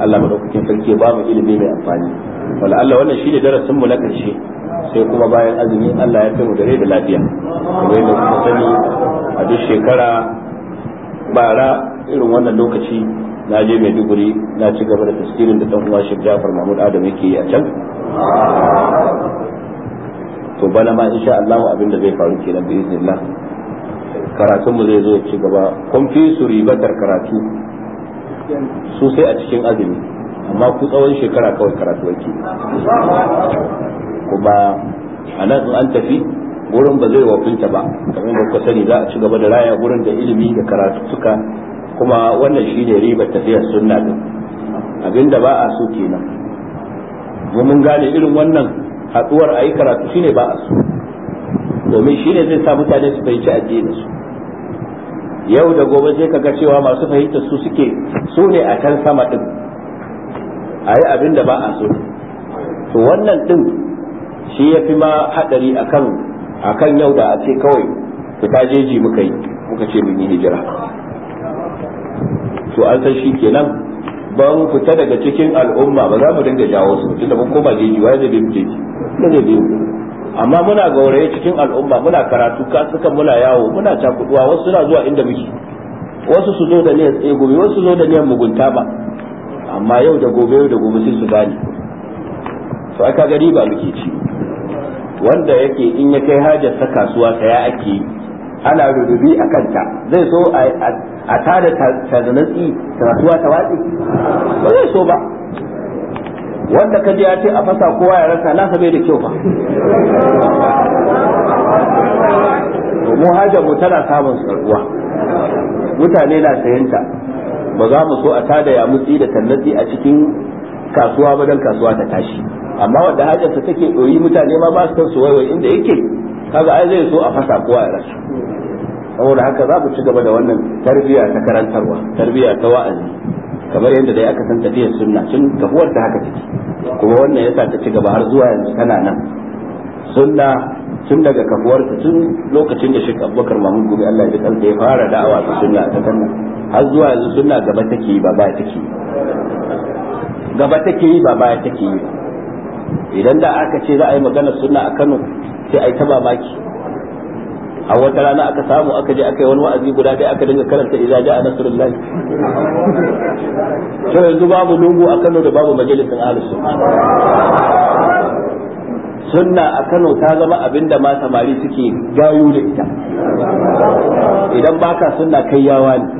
Allah madaukakin sarki ya ba mu ilimi mai amfani wala Allah wannan shine darasin mu na karshe sai kuma bayan azumi Allah ya kai mu dare da lafiya kamar yadda sani a duk shekara bara irin wannan lokaci na je maiduguri na ci gaba da tasirin da uwa shi jafar mahmud adam yake yi a can to bana ma insha Allah abin da zai faru kenan bi iznillah karatun mu zai zo ya ci gaba kun fi su ribatar karatu su sai a cikin azumi amma ku tsawon shekara kawai karatu yake kuma a nan an tafi gurin ba zai wafinta ba kamar da kuka sani za a ci gaba da raya gurin da ilimi da karatu suka kuma wannan shi ne ribar tafiyar sunna din abinda ba a so kenan mu mun gane irin wannan haɗuwar a yi karatu shine ba a so domin shi ne zai sa mutane su fahimci addinin su yau da gobe sai ka ga cewa masu fahimtar su suke su ne a kan sama din abin abinda ba a so to wannan din shi ya fi ma a kan. kan yau da a ce kawai ta jeji muka yi muka ce mun yi hijira to an san shi kenan ban fita daga cikin al'umma ba za mu dinga jawo su tun da mun koma jeji wa zai bi mu jeji ne zai bi amma muna gauraye cikin al'umma muna karatu kasukan muna yawo muna cakuduwa wasu suna zuwa inda muke wasu su zo da niyyar tsaye gobe wasu su zo da niyyar mugunta ba amma yau da gobe yau da gobe sai su gane to aka gari ba muke ci wanda yake in ya kai hajar ta kasuwa saya ake yi ana rububi a kanta zai so a tada tazanatsi kasuwa ta wace ba zai so ba wanda kaji ya ce a fasa kowa ya rasa nasa bai da kyau ba mu hajar mu tana samun sarkuwa mutane na sayanta ba za mu so a tada ya mutsi da tannatsi a cikin kasuwa ba don kasuwa ta tashi amma wanda hajarsa take ɗoyi mutane ma ba su san su waiwai inda yake kaga ai zai so a fasa kowa ya rasu saboda haka za ku ci gaba da wannan tarbiyya ta karantarwa tarbiyya ta wa'azi kamar yadda dai aka san tafiyar sunna tun kafuwar ta haka take kuma wannan yasa ta ci gaba har zuwa yanzu tana nan sunna tun daga kafuwarta tun lokacin da Sheikh Abubakar Mahmud gobe Allah ya ya fara da'awa ta sunna ta kan har zuwa yanzu sunna gaba take yi ba baya take yi gaba take yi ba baya take yi idan da aka ce za a yi magana sunna a Kano sai a yi ta mamaki a wata rana aka samu aka je aka yi wani wa'azi guda ɗaya aka dinga karanta idza ja'a nasrullah to yanzu babu lungu a Kano da babu majalisin ahlus sunna a Kano ta zama abin da ma samari suke gayu da ita idan baka sunna kai yawa ne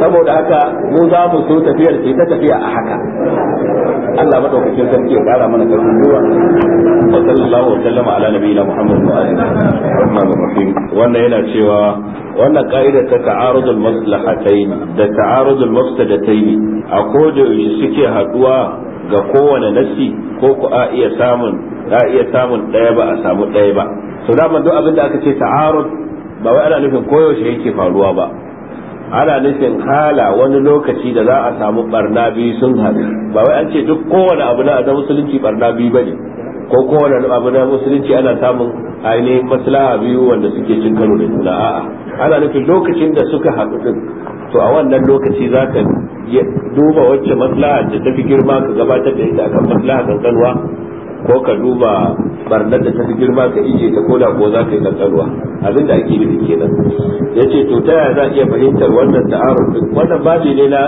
saboda haka mu za mu so tafiyar ce ta tafiya a haka Allah madaukakin sarki ya kara mana karfin gwiwa wa sallallahu sallama ala nabiyina Muhammad wa alihi rahmanir rahim wannan yana cewa wannan ka'idar ta ta'arudul maslahatayn da ta'arudul mafsadatayn a koda yaushe suke haduwa ga kowane nasi ko ku a iya samun a iya samun ɗaya ba a samu ɗaya ba so da duk abin da aka ce ta'arud ba wai ana nufin koyaushe yake faruwa ba ana nufin hala wani lokaci da za a samu barna biyu sun haɗu ba wai an ce duk kowane abu na na musulunci barna biyu bane ko kowane abu na musulunci ana samun ainihin maslaha biyu wanda suke cin karo da juna a'a ana nufin lokacin da suka haɗu din to a wannan lokaci za ka duba wacce maslaha da ta fi girma ka gabatar da ita akan maslaha kankanuwa ko ka duba barnar da ta fi girma ka ije ta ko da ko za ka yi kankanwa abin da ake nufi kenan ya ce to ta yaya za a iya fahimtar wannan ta'aruf wannan babi ne na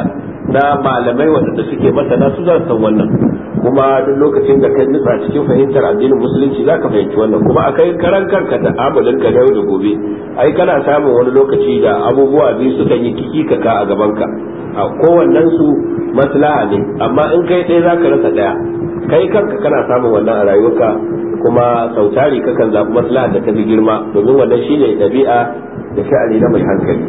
na malamai waɗanda suke masana su za san wannan kuma duk lokacin da ka nutsa cikin fahimtar addinin musulunci za ka fahimci wannan kuma a kai karan kanka da amalin ka da da gobe ai kana samun wani lokaci da abubuwa biyu sukan yi ka a gaban ka a kowannen su maslaha ne amma in kai ɗaya zaka rasa ɗaya kai kanka kana samun wannan a rayuwarka kuma sautari kakan zaɓi maslaha da ta fi girma domin wannan shine ɗabi'a da sha'ani na mai hankali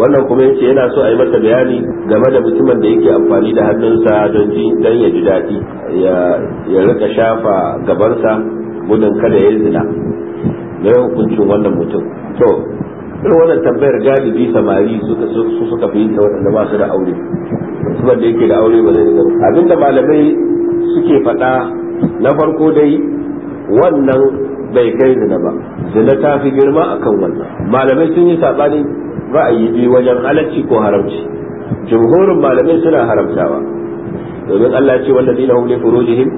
wannan kuma yace yana so a yi masa bayani game da mutumin da yake amfani da hannunsa don ji don ya ji daɗi ya rika shafa gabansa gudun kada ya zina me hukuncin wannan mutum to irin wannan tambayar galibi samari suka suka fi ta waɗanda ba su da aure wanda yake da aure ba zai riga abinda malamai suke faɗa na farko dai wannan bai kai zina ba zina ta fi girma akan wannan malamai sun yi saɓani ra'ayi biyu wajen halacci ko haramci jumhurin malamai suna haramtawa domin Allah ce wanda dina hum li furujihim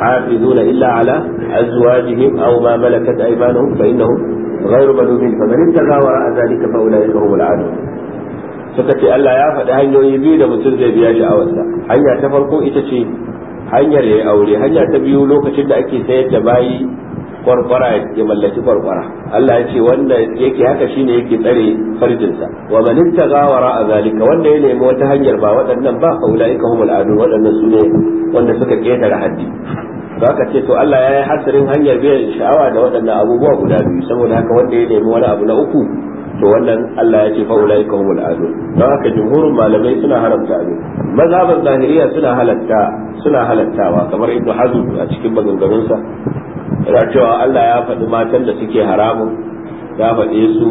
hafizuna illa ala azwajihim aw ma malakat aymanuhum fa غير ملومين فمن ابتغى وراء ذلك فاولئك هم العادون suka ce Allah ya faɗi hanyoyi biyu da mutum zai biya sha'awarsa hanya ta farko ita ce hanyar ya aure hanya ta biyu lokacin da ake sayar da bayi kwarkwara ya mallaki kwarkwara Allah ya ce wanda yake haka shine yake tsare farjinsa wa man ittaqa wara zalika wanda ya nemi wata hanyar ba waɗannan ba faulaika humul adun waɗannan su ne wanda suka ketare haddi to aka ce to Allah ya yi hasirin hanyar biyan sha'awa da waɗannan abubuwa guda biyu saboda haka wanda ya nemi wani abu na uku to wannan Allah ya ce fa ulaika humul adu don haka jumhurin malamai suna haramta abin mazhaban zahiriya suna halatta suna halattawa kamar ibnu hazm a cikin maganganunsa yana cewa Allah ya faɗi matan da suke haramun ya faɗe su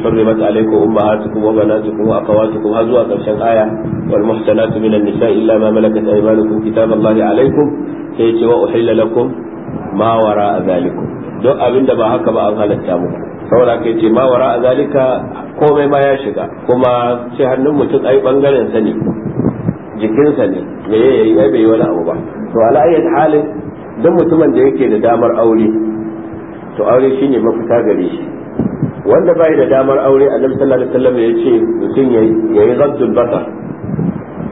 hurrimat alaikum ummahatukum wa banatukum wa akhawatukum har zuwa ƙarshen aya wal muhsanatu minan nisa illa ma malakat aymanukum kitaballahi alaikum sai ce wa uhilla lakum ma wara zalikum duk abin ba haka ba an halatta muku saboda kai ce ma wara a zalika komai ma ya shiga kuma sai hannun mutum ai bangaren sa ne jikinsa ne me ya yi ai bai wani abu ba to ala ayyat halin duk mutumin da yake da damar aure to aure shine mafita gare shi wanda bai da damar aure annabi sallallahu alaihi wasallam ya ce mutum ya yayi zaddul basar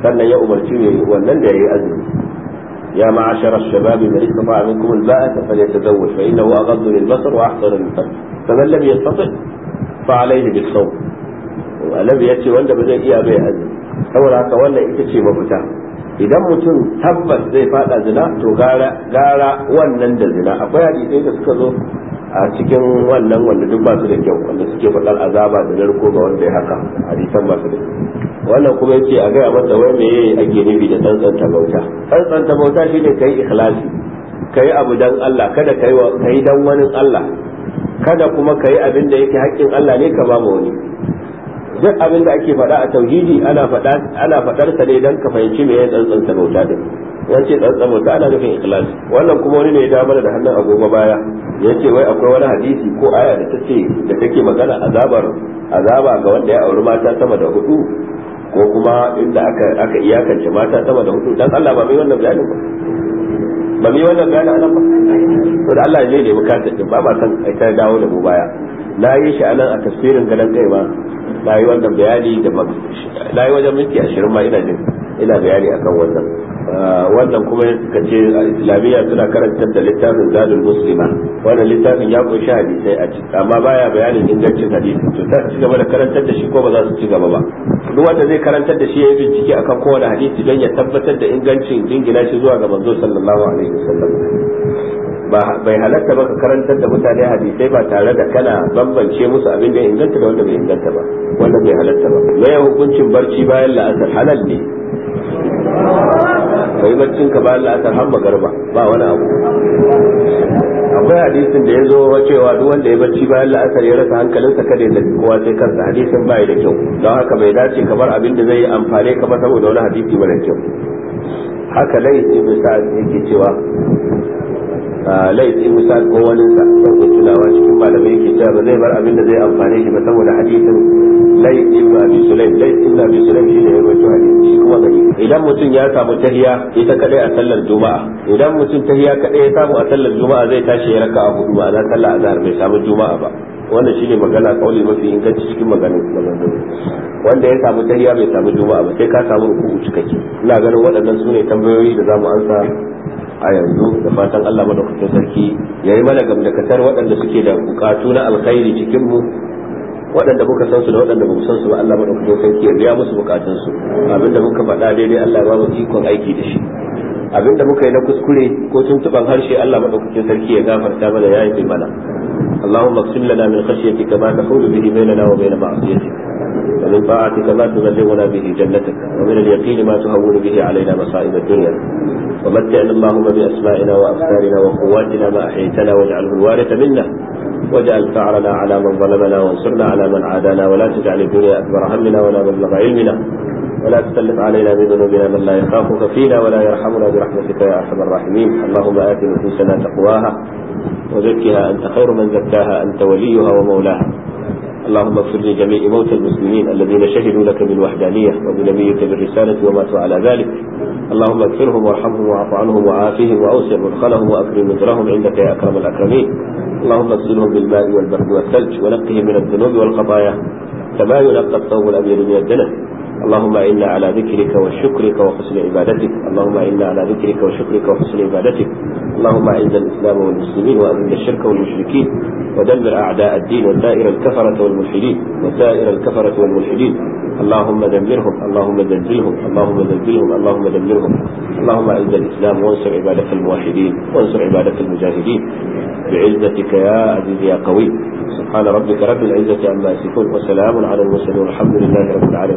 sannan ya umarci ne wannan da ya yi azumi يا معشر الشباب من استطاع منكم الباءة فليتزوج فإنه أغض للبصر وأحسن للقلب faman lam yastati fa alayhi bis sawm annabi ya ce wanda ba zai iya bai azumi saboda haka wannan ita ce mafita idan mutum tabbas zai fada zina to gara gara wannan da zina akwai hadisai da suka zo a cikin wannan wanda duk ba da kyau wanda suke faɗar azaba da narko ga wanda ya haka hadisan ba su da wannan kuma yace a gaya masa wai meye ake nufi da tsantsanta bauta tsantsanta bauta shine kai ikhlasi kai abu dan Allah kada kai kai dan wani Allah kada kuma ka yi abin da yake haƙƙin Allah ne ka ba ma wani duk abin da ake faɗa a tauhidi ana faɗa ana faɗar sa ne dan ka fahimci me ya tsantsan bauta din wace tsantsan bauta ana nufin ikhlas wannan kuma wani ne ya damar da hannun agogo baya yace wai akwai wani hadisi ko aya da tace da take magana azabar azaba ga wanda ya auri mata sama da hudu ko kuma inda aka aka iyakance mata sama da hudu dan Allah ba mai wannan bayanin ba ba mai wannan bayanin ba to da Allah zai ne muka din ba ba san ka dawo da mu baya na yi shi anan a tafsirin galan kai ma na yi wannan bayani da na yi wajen minti ashirin ma ina jin ina bayani akan wannan ah, wannan kuma ka ce islamiyya suna karanta da littafin zadul muslima wannan littafin ya kunshi hadisai a ciki amma baya bayanin ingancin hadisi to ta ci gaba da karantar da shi ko ba za su ci gaba ba duk wanda zai karantar da shi ya yi bincike akan kowane hadisi don ya tabbatar da ingancin jingina shi zuwa ga manzo sallallahu alaihi wasallam bai halatta ba ka karantar da mutane hadisai ba tare da kana bambance musu abin da ya inganta da wanda bai inganta ba wanda bai halatta ba mai hukuncin barci bayan la'asar halal ne bai barcin ka bayan la'asar har magarba ba wani abu akwai hadisin da ya zo cewa duk wanda ya barci bayan la'asar ya rasa hankalinsa kada ya tafi kowa sai kansa hadisin bai da kyau don haka bai dace ka bar abin da zai yi amfani ka ba saboda wani hadisi mara kyau haka dai ibn sa'ad yake cewa laifi ibn ko wani sa kan tunawa cikin malamai yake cewa ba zai bar abin da zai amfane shi ba saboda hadisin laifi ibn abi sulaim laifi ibn abi sulaim shi ne ya rawaito hadisi kuma gari idan mutum ya samu tahiya ita kadai a sallar juma'a idan mutum tahiya kadai ya samu a sallar juma'a zai tashi ya raka'a hudu ba za sallar azhar bai samu juma'a ba wannan shine magana kauli mafi inganci cikin maganar maganganu wanda ya samu tahiya bai samu juma'a ba sai ka samu rukuku cikakke ina ganin waɗannan su ne tambayoyi da zamu ansa a yanzu da fatan Allah madaukakin sarki ya yi mana gamdakatar waɗanda suke da bukatu na alkhairi cikin mu waɗanda muka san su da waɗanda ba mu san su ba Allah madaukakin sarki ya biya musu bukatun su abinda muka faɗa daidai Allah ba mu ikon aiki da shi abinda muka yi na kuskure ko tuban harshe Allah madaukakin sarki ya gafarta mana ya yi mana اللهم اقسم لنا من خشيتك ما تحول به بيننا وبين معصيتك ومن طاعتك ما تبلغنا به جنتك ومن اليقين ما تهون به علينا مصائب الدنيا ومتعنا اللهم بأسمائنا وأبصارنا وقواتنا ما أحييتنا واجعله الوارث منا واجعل ثأرنا على من ظلمنا وانصرنا على من عادانا ولا تجعل الدنيا أكبر همنا ولا مبلغ علمنا ولا تسلط علينا بذنوبنا من لا يخافك فينا ولا يرحمنا برحمتك يا أرحم الراحمين اللهم آت نفوسنا تقواها وزكها أنت خير من زكاها أنت وليها ومولاها اللهم اغفر لجميع موتى المسلمين الذين شهدوا لك بالوحدانية وبنبيك بالرسالة وماتوا على ذلك اللهم اغفرهم وارحمهم واعف عنهم وعافهم وأوسع مدخلهم وأكرم نزلهم عندك يا أكرم الأكرمين اللهم اغسلهم بالماء والبرد والثلج ونقهم من الذنوب والخطايا كما ينقى الثوب الأبيض من الدنس اللهم إنا على ذكرك وشكرك وحسن عبادتك اللهم إنا على ذكرك وشكرك وحسن عبادتك اللهم أعز الإسلام والمسلمين وأذل الشرك والمشركين ودمر أعداء الدين وسائر الكفرة والملحدين وسائر الكفرة والملحدين اللهم دمرهم اللهم زلزلهم اللهم زلزلهم اللهم دمرهم اللهم أعز الإسلام وانصر عبادك الموحدين وانصر عبادك المجاهدين بعزتك يا عزيز يا قوي سبحان ربك رب العزة عما يصفون وسلام على المرسلين والحمد لله رب العالمين